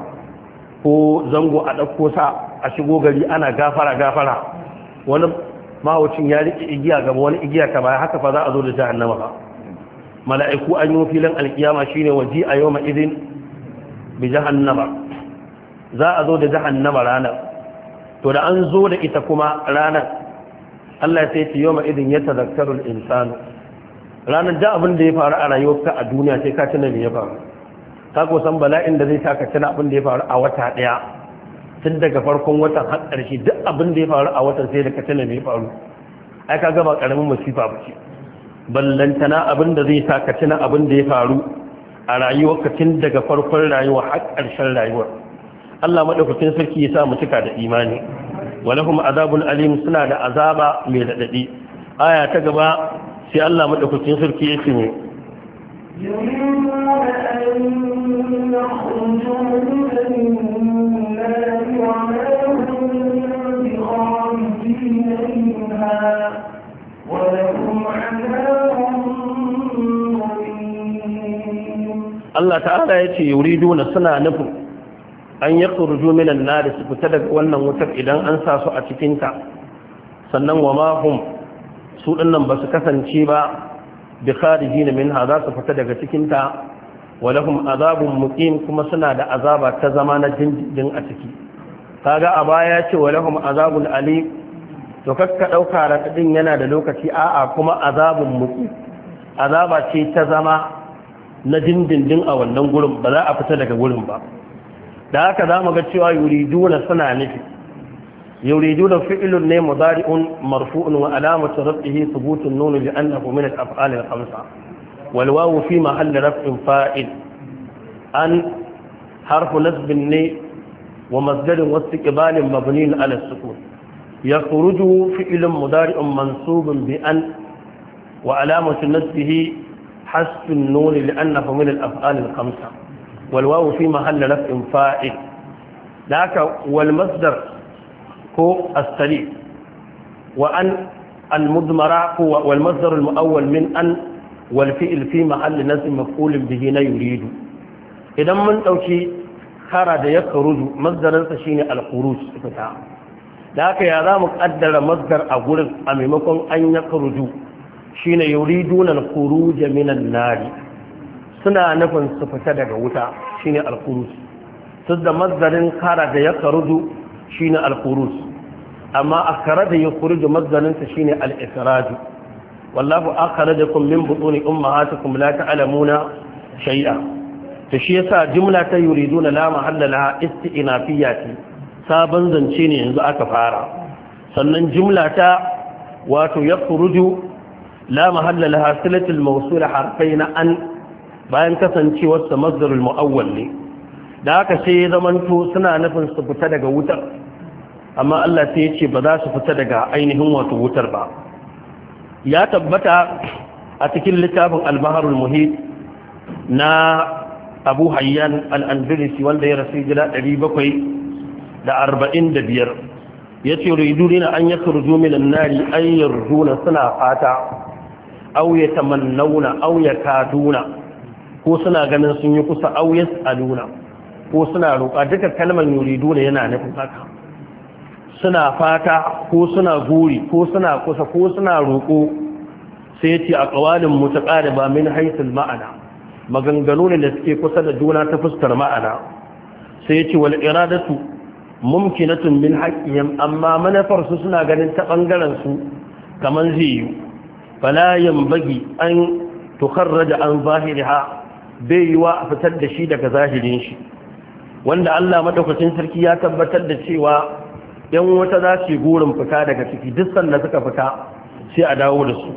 ko zango a ɗauko sa a shigo gari ana gafara gafara wani mahaucin ya riƙe igiya gaba wani igiya ka baya haka fa za a zo da jahannama ba mala'iku an yi filin alkiyama ne waje a yau ma'izin bi jahannama za a zo da jahannama ranar to da an zo da ita kuma ranar Allah sai ce yau ma'izin ya tazakkarul insanu ranar da abin da ya faru a rayuwarka a duniya sai ka tuna me ya faru Ta ko san bala'in da zai sa ka tuna abin da ya faru a wata ɗaya tun daga farkon watan har ƙarshe duk abin da ya faru a watan sai da ka tuna me ya faru ai ka gaba ƙaramin masifa ba ce ballantana abin da zai saka ka tuna abin da ya faru a rayuwar ka tun daga farkon rayuwa har ƙarshen rayuwar Allah madaukakin sarki ya sa mu cika da imani walahum azabun alim suna da azaba mai radadi aya ta gaba sai Allah madaukakin sarki ya ce ne Thank Allah ta'ala ya ce yuriduna suna nufin an yi kurju minan da su fita daga wannan wutar idan an sa su a cikinta sannan wa mahum su dinnan ba su kasance ba bi na minha za su fita daga cikinta wa lahum azabun muqim kuma suna da azaba ta zama na jinjin a ciki kaga a baya ce wa lahum azabun alim to kakka ɗauka raɗaɗin yana da lokaci a'a kuma azabin mutu azaba ce ta zama na dindindin a wannan gurin ba za a fita daga gurin ba da haka za mu ga cewa yuriduna suna nufi yuriduna fi'ilun ne mudari'un marfu'un wa alamatu rafihi thubutun nun li annahu min al-af'al al-khamsa wal wawu fi mahall raf'in fa'il an harfu nasbin ne wa واستقبال مبني على السكون يخرج فعل مضارع منصوب بأن وعلامة نسبه حسب النون لأنه من الأفعال الخمسة والواو في محل رفع فاعل ذاك والمصدر هو السريع وأن المضمرة هو والمصدر المؤول من أن والفئل في محل نسب مفعول به لا يريد إذا من توشي خرج يخرج مصدر الخروج da haka ya za mu kaddara mazgar a gurin a maimakon an ya kurju shi ne yuri dunan kuru jaminan nari suna nufin su fita daga wuta shi ne alkurus su da masdarin kara da ya kurju shi ne alkurus amma a kara da ya kurju masdarinsa shi ne al'isiraju wallahu akara da kun min in umma hata kumla ta alamuna shai'a ta shi yasa jimla ta yuri duna la mahallala isti'inafiya ce sabon zance ne yanzu aka fara sannan jumla ta wato ya furuju la mahalla laha silatul mawsul na an bayan kasancewar sa masdarul muawwal ne da haka sai ya zamanto suna nufin su fita daga wutar amma Allah sai ya ce ba za su fita daga ainihin wato wutar ba ya tabbata a cikin littafin al-baharul muhit na Abu Hayyan al-Andalusi wanda ya rasu gida 700 da arba'in da biyar ya ce riduri na an yi turju minan nari an yi runa suna fata auye mannauna auye duna ko suna ganin sun yi kusa auye duna ko suna roƙa duka kalmar yuridu ne yana nufin haka suna fata ko suna guri ko suna kusa ko suna roƙo sai ce a ƙawalin mutuƙa da ba min haisul ma'ana maganganu ne da suke kusa da juna ta fuskar ma'ana sai ce wal iradatu mumkinatun min haƙƙihim amma manafar su suna ganin ta ɓangarensu su kamar zai yi fala bagi an tukharraja an ha bai yi wa a fitar da shi daga zahirin shi wanda Allah madaukakin sarki ya tabbatar da cewa 'yanwata wata za su gurin fita daga ciki duk sanda suka fita sai a dawo da su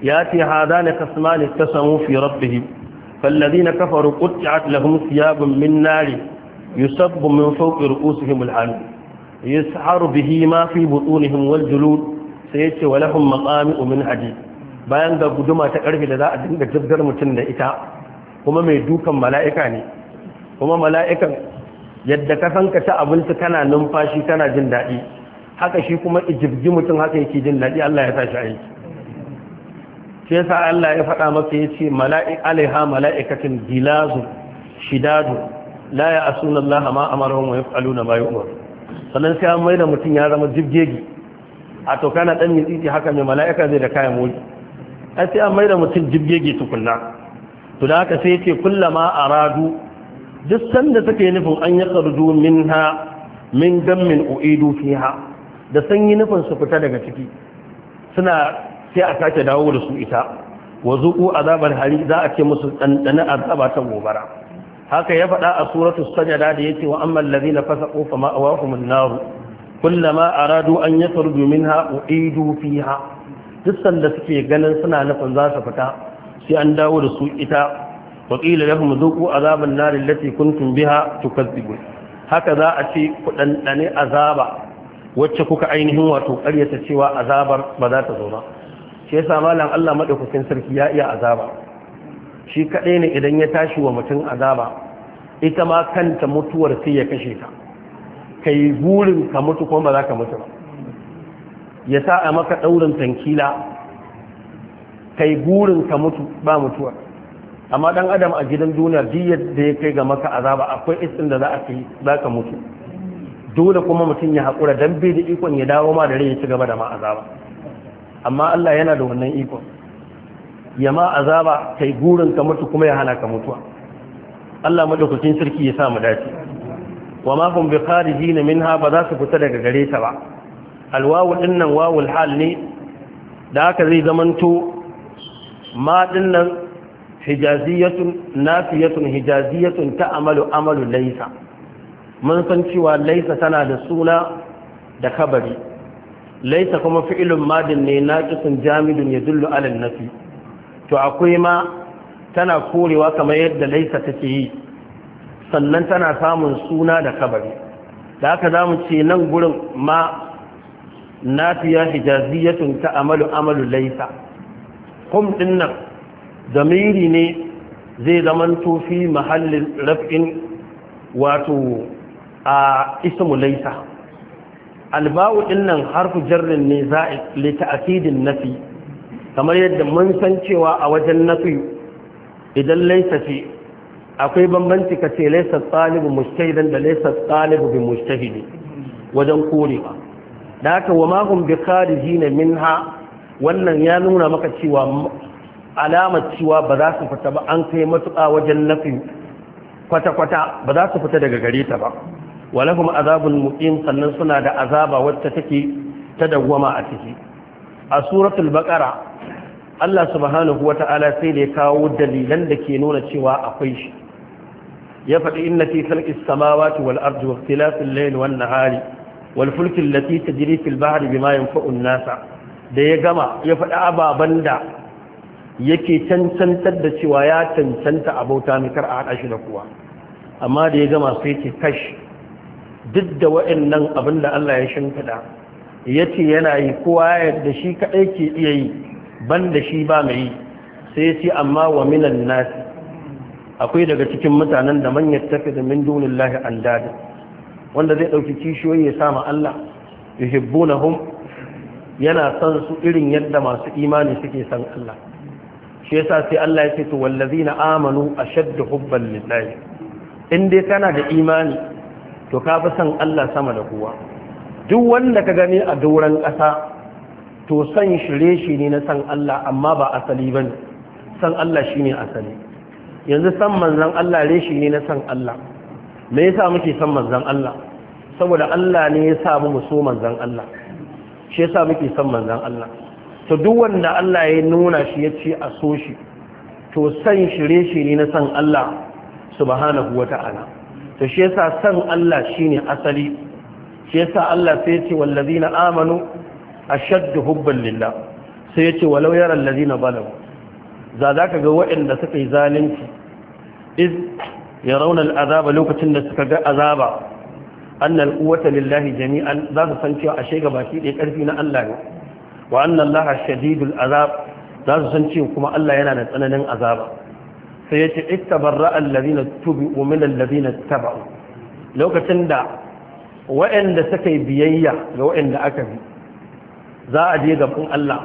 ya ce hada na kasmani kasamu fi rabbihim فالذين كفروا قطعت لهم ثياب من نار yusabbu min fawqi ru'usihim al-hamim yasharu bihi ma fi butunihim wal julud sai yace walafin lahum bayan ga guduma ta karfe da za a dinga zabgar mutum da ita kuma mai dukan mala'ika ne kuma mala'ikan yadda ka san ka ci abinci kana numfashi kana jin daɗi haka shi kuma ijibji mutum haka yake jin daɗi Allah ya sa shi aiki sai sa Allah ya faɗa maka yace mala'i alaiha mala'ikatin gilazu shidadu la ya asuna Allah ma amarahum wa na bayu yu'mar sannan sai an mai da mutum ya zama jibgegi a to kana dan mitsiti haka mai mala'ika zai da kayan mulki ai sai an mai da mutum jibgegi tukunna to da haka sai ce kullama aradu duk sanda suka yi nufin an ya min ha, min dammin uidu ha. da san yi nufin su fita daga ciki suna sai a sake dawo da su ita wa azabar hari za a ce musu dandana azaba ta gobara haka ya faɗa a suratu sajada da yace wa amman ladina fasaqu fa ma'awahum an-nar kullama aradu an yakhruju minha uidu fiha duk sanda suke ganin suna nufin za su fita sai an dawo da su ita wa qila lahum dhuqu azaban nar allati kuntum biha tukadzibun haka za a ce ku dandane azaba wacce kuka ainihin wato ƙaryata cewa azabar ba za ta zo ba shi yasa malam Allah madaukakin sarki ya iya azaba shi kaɗai ne idan ya tashi wa mutum azaba ita ma kanta mutuwar sai ya kashe ka kai burin ka mutu kuma za ka mutu ba ya sa a maka ɗaurin tankila kai burin ka mutu ba mutuwa amma dan adam a gidan duniya diyar da ya kai ga maka azaba akwai isin da za a kai za ka mutu dole kuma mutum ya haƙura don bai da ikon ya dawo ma da rai ya ci gaba da ma azaba amma Allah yana da wannan ikon ya ma azaba kai gurin ka mutu kuma ya hana ka mutuwa Allah madaukakin sarki ya sa mu dace wa ma hum bi kharijin minha ba za su fita daga gare ta ba alwawu dinnan wawul hal ne da haka zai zamanto ma dinnan hijaziyatun nafiyatun hijaziyatun ta amalu laysa mun san cewa laysa tana da suna da kabari laysa kuma fi'lun madin ne naqisun jamidun yadullu ala nafi to akwai ma tana korewa kamar yadda laisa take yi sannan tana samun suna da kabari da aka zamu ce nan gurin ma nafiya hijaziyatun ta amalu amalu laisa kum dinnan zamiri ne zai zaman tofi mahallin raf'in wato a ismu laisa Albawu dinnan harfu jarrin ne za'i li ta'kidin nafi kamar yadda mun san cewa a wajen nafi idan laisa akwai bambanci ka ce laisa tsalibu mustahidan da laisa tsalibu bi mustahidi wajen korewa da haka wa mahum bi kharijina minha wannan ya nuna maka cewa alamar cewa ba za su fita ba an kai matuƙa wajen nafi kwata-kwata ba za su fita daga gare ta ba walahum azabul muqim sannan suna da azaba wacce take ta dawwama a ciki a suratul baqara Allah subhanahu wata'ala sai da ya kawo dalilan da ke nuna cewa akwai shi ya faɗi inna fi khalqis samawati wal ardi wa ikhtilafil layli wan nahari wal fulki allati tajri fil bahri bima yanfa'u an-nasa da ya gama ya faɗi ababan da yake cancantar da cewa ya cancanta abota mai kar a haɗa shi da kuwa amma da ya gama sai ce kash duk da wa'annan abin da Allah ya shimfiɗa ya ce yana yi kowa da shi kaɗai ke iya yi banda shi ba mai yi sai ce amma wa minan nasi akwai daga cikin mutanen da manyan tafi da min dunin lahi an dadi wanda zai ɗauki kishiyoyi ya sama Allah ya na hum yana son su irin yadda masu imani suke son Allah shi yasa sai Allah ya ce to wallazi na amanu a shadda hubban lillahi in dai kana da imani to ka fi son Allah sama da kowa duk wanda ka gani a doron ƙasa to san shirye shi ne na san Allah amma ba asali ba san Allah shi ne asali yanzu san manzan Allah reshi ne na san Allah me yasa muke san manzan Allah saboda Allah ne ya sa mu so manzan Allah shi yasa muke san manzan Allah to duk wanda Allah ya nuna shi ya ce a so shi to san shirye shi ne na san Allah subhanahu wata'ala to shi yasa san Allah shi ne asali shi yasa Allah sai ya ce wallazina amanu ashaddu hubban lillah sai yace walau yara allazina zalamu za za ka ga waɗanda suka yi zalunci iz yarawna al'azaba lokacin da suka ga azaba annal quwwata lillahi jami'an za su san cewa ashe ga baki ɗaya ƙarfi na Allah ne wa anna Allah shadidul azab za su san cewa kuma Allah yana da tsananin azaba sai yace ittabarra allazina tubu min allazina tabu lokacin da waɗanda suka yi biyayya ga waɗanda aka bi za a je gaban Allah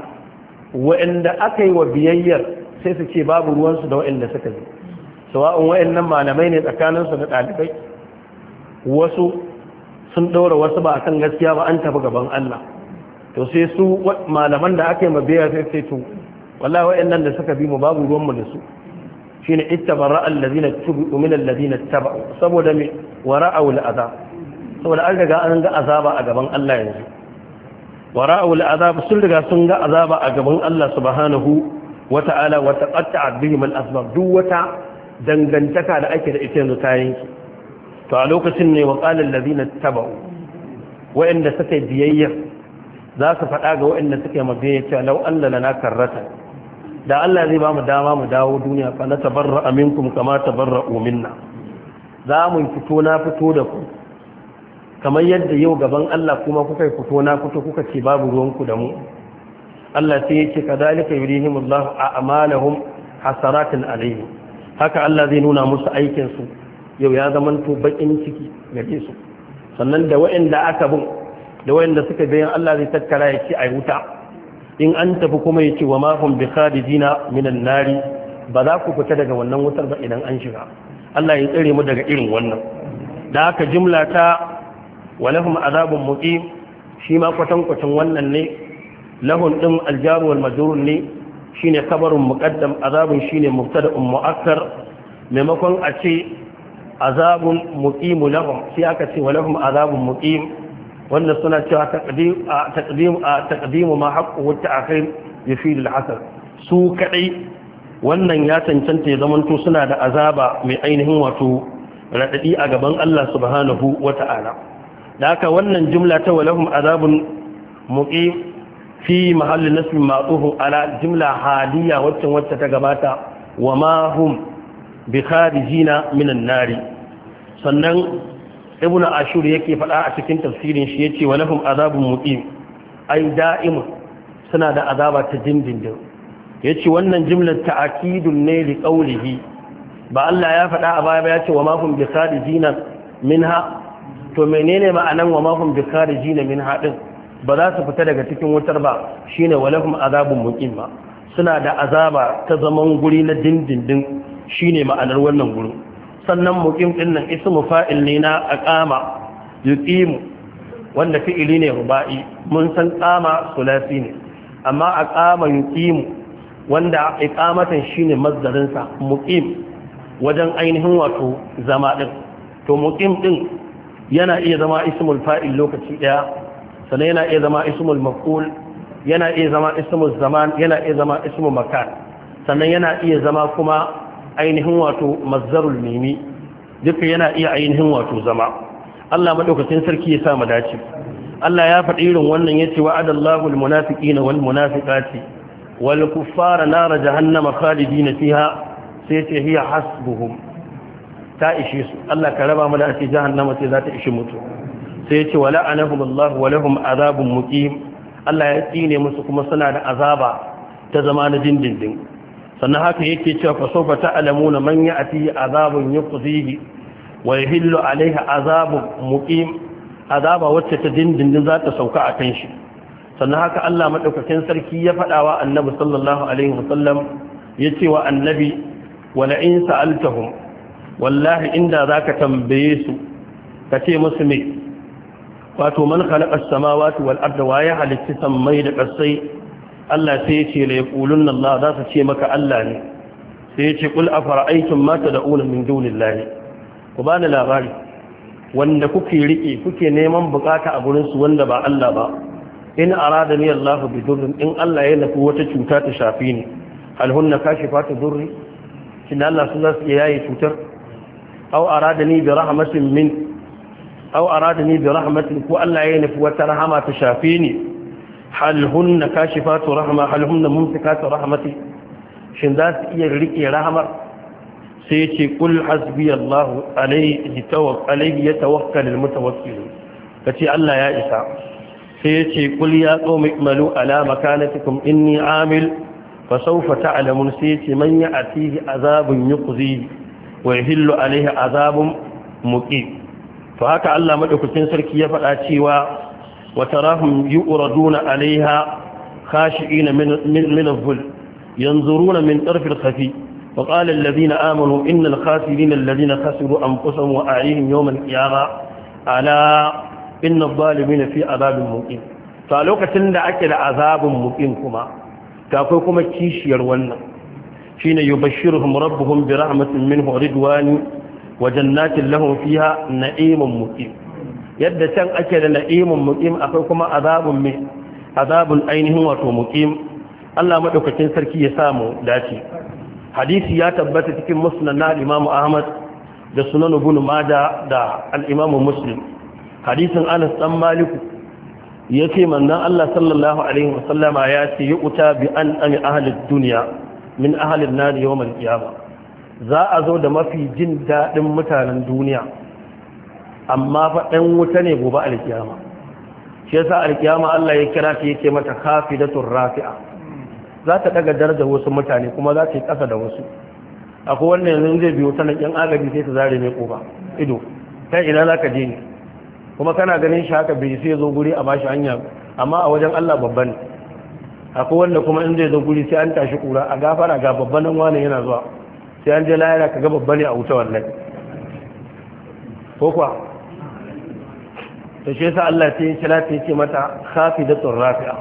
wa'anda aka yi wa biyayyar sai su ce babu ruwansu da wa'anda suka yi sawa'un wa'annan malamai ne tsakaninsu da ɗalibai wasu sun ɗaura wasu ba a kan gaskiya ba an tafi gaban Allah to sai su malaman da aka yi ma biya sai sai to wallahi wa'annan da suka bi mu babu ruwanmu da su shi ne ita shine da zina tubu da zina taba saboda me wara'u al'aza saboda an riga an ga azaba a gaban Allah yanzu wa ra'ul azab sun riga sun ga azaba a gaban Allah subhanahu wata'ala wa taqatta'a bihim al-asbab duk wata dangantaka da ake da ita yanzu ta yanki to a lokacin ne wa qala allazina tabau wa'anda suka biyayya za su faɗa ga wa'anda suka mabiyayya cewa law Allah lana karrata da Allah zai ba mu dama mu dawo duniya fa na tabarra aminkum kama tabarra'u minna za mu fito na fito da ku kamar yadda yau gaban Allah kuma kuka fito na fito kuka ce babu ruwanku da mu Allah sai ya ce kadhalika yurihimullahu a'malahum hasaratin alayhi haka Allah zai nuna musu aikin su yau ya zaman to bakin ciki gare su sannan da waɗanda aka bin da waɗanda suka bayan Allah zai tattara ya ce ai wuta in an tafi kuma ya ce wa ma hum bi kharijina minan nari ba za ku fita daga wannan wutar ba idan an shiga Allah ya tsare mu daga irin wannan da haka jimla ta walahum azabun muqim shi ma kwatan wannan ne lahun din aljaru wal majrur ne shine kabarun muqaddam azabun shine mubtada'un mu'akkar maimakon a ce azabun muqim lahum sai aka ce wannan suna cewa taqdim taqdim taqdimu ma haqquhu ta'khir yufid al-hasar su kadai wannan ya cancanta ya zamanto suna da azaba mai ainihin wato raɗaɗi a gaban Allah subhanahu wa ta'ala da haka wannan jumla ta walahum azabun muqim fi mahallin nasbin ma'tuhu ala jumla haliya waccan wacce ta gabata wa ma hum bi kharijina minan nari sannan ibnu ashur yake faɗa a cikin tafsirin shi yace walahum azabun muqim ai da'imun suna da azaba ta dindindin yace wannan jumlar ta'kidun ne li qawlihi ba Allah ya faɗa a baya ya ce wa ma hum bi kharijina minha to menene ma'anan wa mahum bi na min hadin ba za su fita daga cikin wutar ba shine walahum azabun muqim ba suna da azaba ta zaman guri na dindindin shine ma'anar wannan guri sannan muqim din nan ismu fa'il ne na aqama yuqimu wanda fi'ili ne ruba'i mun san qama sulasi ne amma aqama yuqimu wanda iqamatan shine mazdarin sa muqim wajen ainihin wato zama ɗin, to muqim ɗin. yana iya zama ismul fa'il lokaci daya sannan yana iya zama ismul maf'ul yana iya zama ismul zaman yana iya zama ismul makan sannan yana iya zama kuma ainihin wato mazzarul mimi duka yana iya ainihin wato zama Allah madaukakin sarki ya sa mu dace Allah ya faɗi irin wannan yace wa'adallahu almunafiqina walmunafiqati walkuffara nar jahannama khalidina fiha sai ce hiya hasbuhum ta ishe su Allah ka raba mu da ake jahannama sai za ta ishe mutu sai ya ce wala anahum Allah wa lahum azabun muqim Allah ya tsine musu kuma suna da azaba ta zama na dindindin sannan haka yake cewa fa sawfa ta'lamuna man ya'ti azabun yuqzihi wa yahillu alaiha azabun muqim azaba wacce ta dindindin za ta sauka a kan shi sannan haka Allah madaukakin sarki ya faɗawa annabi sallallahu alaihi wasallam yace wa annabi wala in sa'altahum wallahi inda za ka tambaye su ka ce musu mai wato man khalaqa as-samawati wal arda wa ya halitta sammai da ƙasai Allah sai ya ce la yaqulunna Allah za su ce maka Allah ne sai ya ce qul afara'aytum ma tad'una min dunillahi ku bani labari wanda kuke rike kuke neman bukata a gurin su wanda ba Allah ba in arada ni Allah bi durrin in Allah ya nufi wata cuta ta shafi ni hal hunna kashifatu durri shin Allah sun za su yaye cutar aw aradani bi rahmatin min Allah ya nufi wata rahama ta shafe ni hal hunna kashifatu rahma hal hunna mumsikatu rahmati shin za iya riƙe rahmar sai ce kul hasbi Allah alayhi tawakkal alayhi yatawakkal al mutawakkil Allah ya isa sai yace kul ya qawmi ala makanatikum inni amil fa sawfa ta'lamun sai yace man azabin yi yuqzi wa hillu alaihi azabun muqim to haka Allah madaukakin sarki ya faɗa cewa wa tarahum yu'raduna alaiha khashi'ina min min dhul yanzuruna min tarfil khafi wa qala alladhina amanu innal khasirina alladhina khasiru anfusahum wa a'yunuhum yawmal qiyamah ala inna adh fi azabin muqim to a lokacin da ake da azabin muqim kuma ta akwai kuma kishiyar wannan shine yubashshiruhum rabbuhum bi rahmatin minhu ridwani wa jannatin lahum fiha na'imun muqim yadda can ake da na'iman muqim akwai kuma azabun ainihin wato muqim Allah maɗaukacin sarki ya mu dace hadisi ya tabbata cikin musnad na Imam Ahmad da Sunan Ibn da al-Imam hadisin Anas dan Malik ya ce, manzon Allah sallallahu ya ce yu'ta bi an ami ahli dunya min ahalin nari yau mai kiyama za a zo da mafi jin daɗin mutanen duniya amma faɗin wuta ne gobe alkiyama shi yasa alkiyama Allah ya kira ta yake mata kafi da rafi'a za ta ɗaga darajar wasu mutane kuma za ta yi ƙasa da wasu akwai wannan yanzu zai biyo sanar yan agaji sai ta zare mai ƙofa ido kai ina za ka je ne kuma kana ganin shi haka bai sai zo guri a bashi hanya amma a wajen Allah babban ne akwai wanda kuma in zai zo guri sai an tashi kura a gafara ga babban wani yana zuwa sai an je layara ka ga babba ne a wuta wannan ko kuwa to shi yasa Allah Ta yi kira ta ce mata khafidatur rafiya.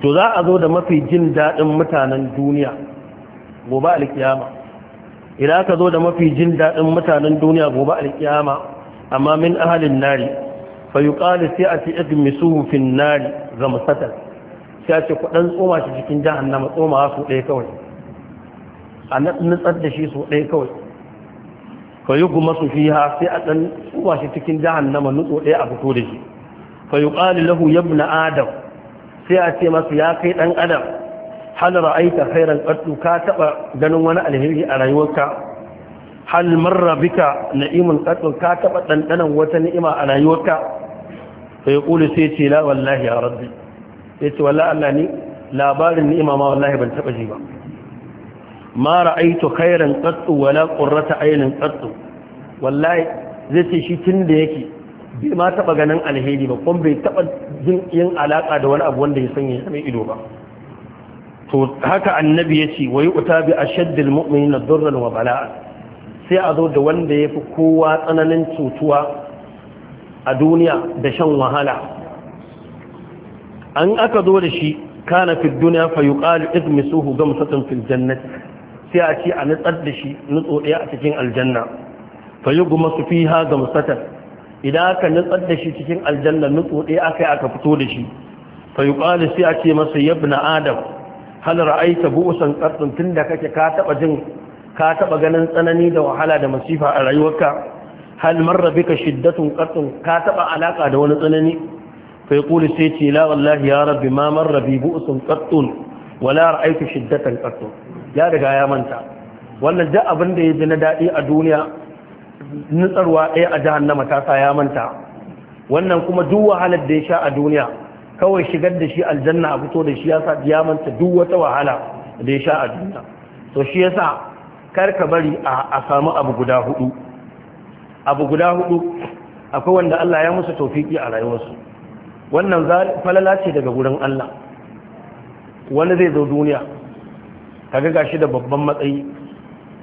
to za a zo da mafi jin daɗin mutanen duniya gobe alkiyama idan ka zo da mafi jin daɗin mutanen duniya gobe alkiyama amma min ahalin nari fa yuqalu sai a ce idmisuhum fin nari satar. sai ce ku tsoma shi cikin jahannama tsoma su ɗaya kawai a nutsar da shi su ɗaya kawai fa yi kuma su ha sai a dan tsoma shi cikin jahannama nutso ɗaya a fito da shi fa yi ƙali lahu yabna adam sai a ce masu ya kai ɗan adam hal ra'aita khairan qattu ka taɓa ganin wani alheri a rayuwarka hal marra bika na'imun qatun ka taba dandanan wata ni'ima a rayuwarka sai kulu sai ce la wallahi ya rabbi ya ce wallah Allah ni labarin ni'ima ma wallahi ban taba ji ba ma ra'aitu khairan qattu wala qurrata aynin qattu wallahi zai ce shi tun da yake bai ma taba ganin alheri ba kuma bai taba jin yin alaka da wani abu wanda ya sanya mai ido ba to haka annabi ya ce wayi utabi ashaddil mu'minina durran wa bala'a sai a zo da wanda yafi kowa tsananin cutuwa a duniya da shan wahala an aka zo da shi kana fi duniya fa yuqalu idmisuhu gamsatan fil jannati sai a ce a nutsar da shi nutso daya a cikin aljanna fa yugmasu fiha gamsatan idan aka nutsar da shi cikin aljanna nutso daya akai aka fito da shi fa yuqalu sai a ce masa yabna adam hal ra'aita bu'san qatun tunda kake ka taba jin ka taba ganin tsanani da wahala da masifa a rayuwarka hal marra bika shiddatun qatun ka taɓa alaka da wani tsanani fa sai ce la wallahi ya rabbi ma marra bi bu'sun qattun wala ra'aytu shiddatan qattun ya riga ya manta wannan duk abin da ya ji na daɗi a duniya nutsarwa ɗaya a jahannama ta sa ya manta wannan kuma duk wahalar da ya sha a duniya kawai shigar da shi aljanna a fito da shi ya sa ya manta duk wata wahala da ya sha a duniya to shi sa kar ka bari a samu abu guda hudu abu guda hudu akwai wanda Allah ya musu tofiki a rayuwarsu wannan falala ce daga wurin Allah wani zai zo duniya ga gashi da babban matsayi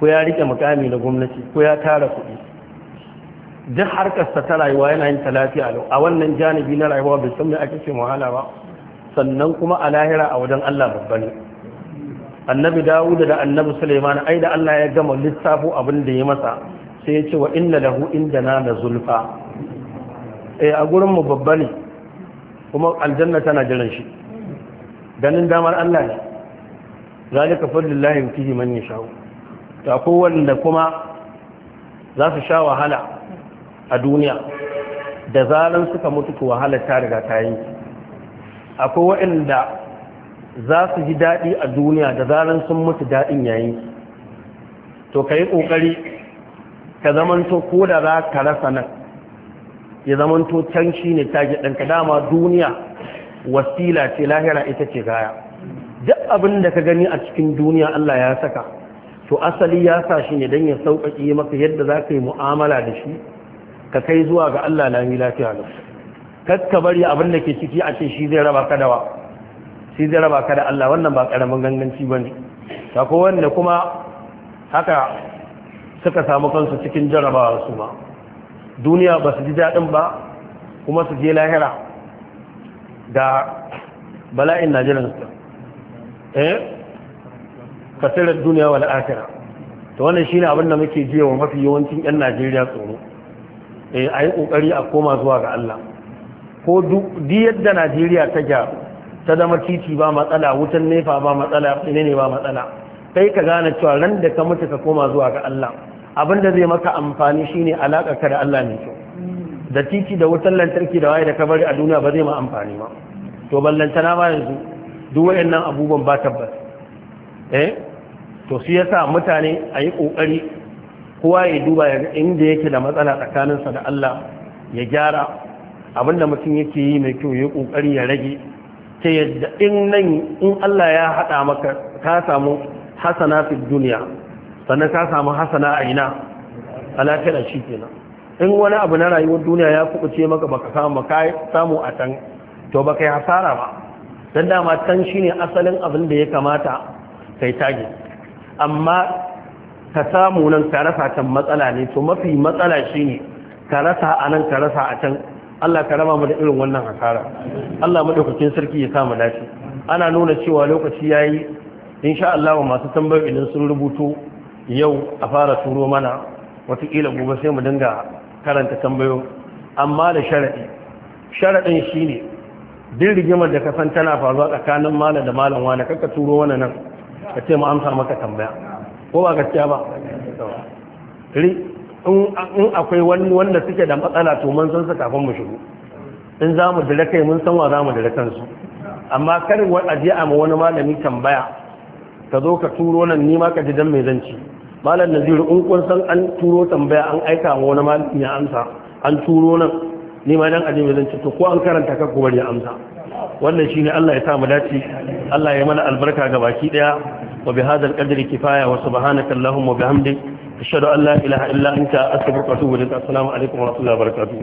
ko ya rike mukami na gwamnati ko ya tara kuɗi duk harkarsa ta rayuwa yana yin ta lafiya a wannan janibi na rayuwa bai san me ake ce wahala ba sannan kuma a lahira a wajen Allah babba ne annabi Dawud da annabi Suleiman ai da Allah ya gama lissafo abin da ya masa sai ya ce wa inna lahu indana da zulfa eh a gurin mu babba ne kuma aljanna tana jiran shi ganin damar Allah ne zalika fadlillahi yutihi man yasha to ko wanda kuma za su sha wahala a duniya da zalan suka mutu ko wahala ta riga ta yi akwai waɗanda za su ji daɗi a duniya da zaran sun mutu daɗin yayin to ka yi ƙoƙari ka zamanto ko da za ka rasa nan ya zamanto can shi ne target ɗinka dama duniya wasila ce lahira ita ce gaya duk abin da ka gani a cikin duniya Allah ya saka to asali ya sa shi ne don ya sauƙaƙe maka yadda za ka yi mu'amala da shi ka kai zuwa ga Allah lami lafiya lau kakka bari abin da ke ciki a ce shi zai raba ka da wa shi zai raba ka Allah wannan ba ƙaramin ganganci ba ne ta wanda kuma haka suka samu kansu cikin jarabawa su ba duniya ba su ji daɗin ba kuma su je lahira da bala'in su eh kasirar duniya wa la'akira ta wannan shi ne abinda muke wa mafi yawancin 'yan najeriya tsoro eh, a yi ƙoƙari a koma zuwa ga allah ko di yadda najeriya ta ta zama titi ba matsala wutan nefa ba matsala ne ba matsala kai ka gane cewa ran da ka mutu ka koma zuwa ga allah abinda zai maka amfani shine alaka ka da Allah ne kyau da titi da wutar lantarki da waye da kabari a duniya ba zai ma amfani ba to ballantana ba yanzu duk wayannan abubuwan ba tabbas eh to shi yasa mutane a yi kokari kowa ya duba ya ga inda yake da matsala tsakaninsa da Allah ya gyara abinda mutum yake yi mai kyau ya yi kokari ya rage ta yadda in nan in Allah ya haɗa maka ka samu hasana fi duniya sannan ka samu hasana a ina a lafiya shi kenan in wani abu na rayuwar duniya ya ce maka baka samu ka samu a can to baka yi hasara ba dan dama can shine asalin abin da ya kamata kai tage amma ka samu nan ka rasa can matsala ne to mafi matsala shine ka rasa a nan ka rasa a can Allah ka rama mu da irin wannan hasara Allah madaukakin sarki ya samu lafiya ana nuna cewa lokaci yayi insha Allah masu idan sun rubuto yau a fara turo mana watakila gobe sai mu dinga karanta tambayo amma da sharaɗi sharaɗin shi ne duk rigimar da kasan tana faruwa tsakanin malam da malam wani kakka turo wani nan ka ce mu amsa maka tambaya ko ba gaskiya ba in akwai wani wanda suke da matsala to mun san su kafin mu shigo in za mu dira kai mun san wa za mu dira kansu amma kar wani aje a wani malami tambaya ka zo ka turo nan ni ma ka ji dan mai zanci malam naziru in kun san an turo tambaya an aika wa wani malami ya amsa an turo nan ni ma dan aje zan to ko an karanta ka ko bari amsa wannan shine Allah ya sa mu dace Allah ya mana albarka ga baki daya wa bi hadal qadri kifaya wa subhanaka allahumma wa bihamdik ashhadu an la ilaha illa anta astaghfiruka wa atubu ilaik assalamu alaikum wa rahmatullahi wa barakatuh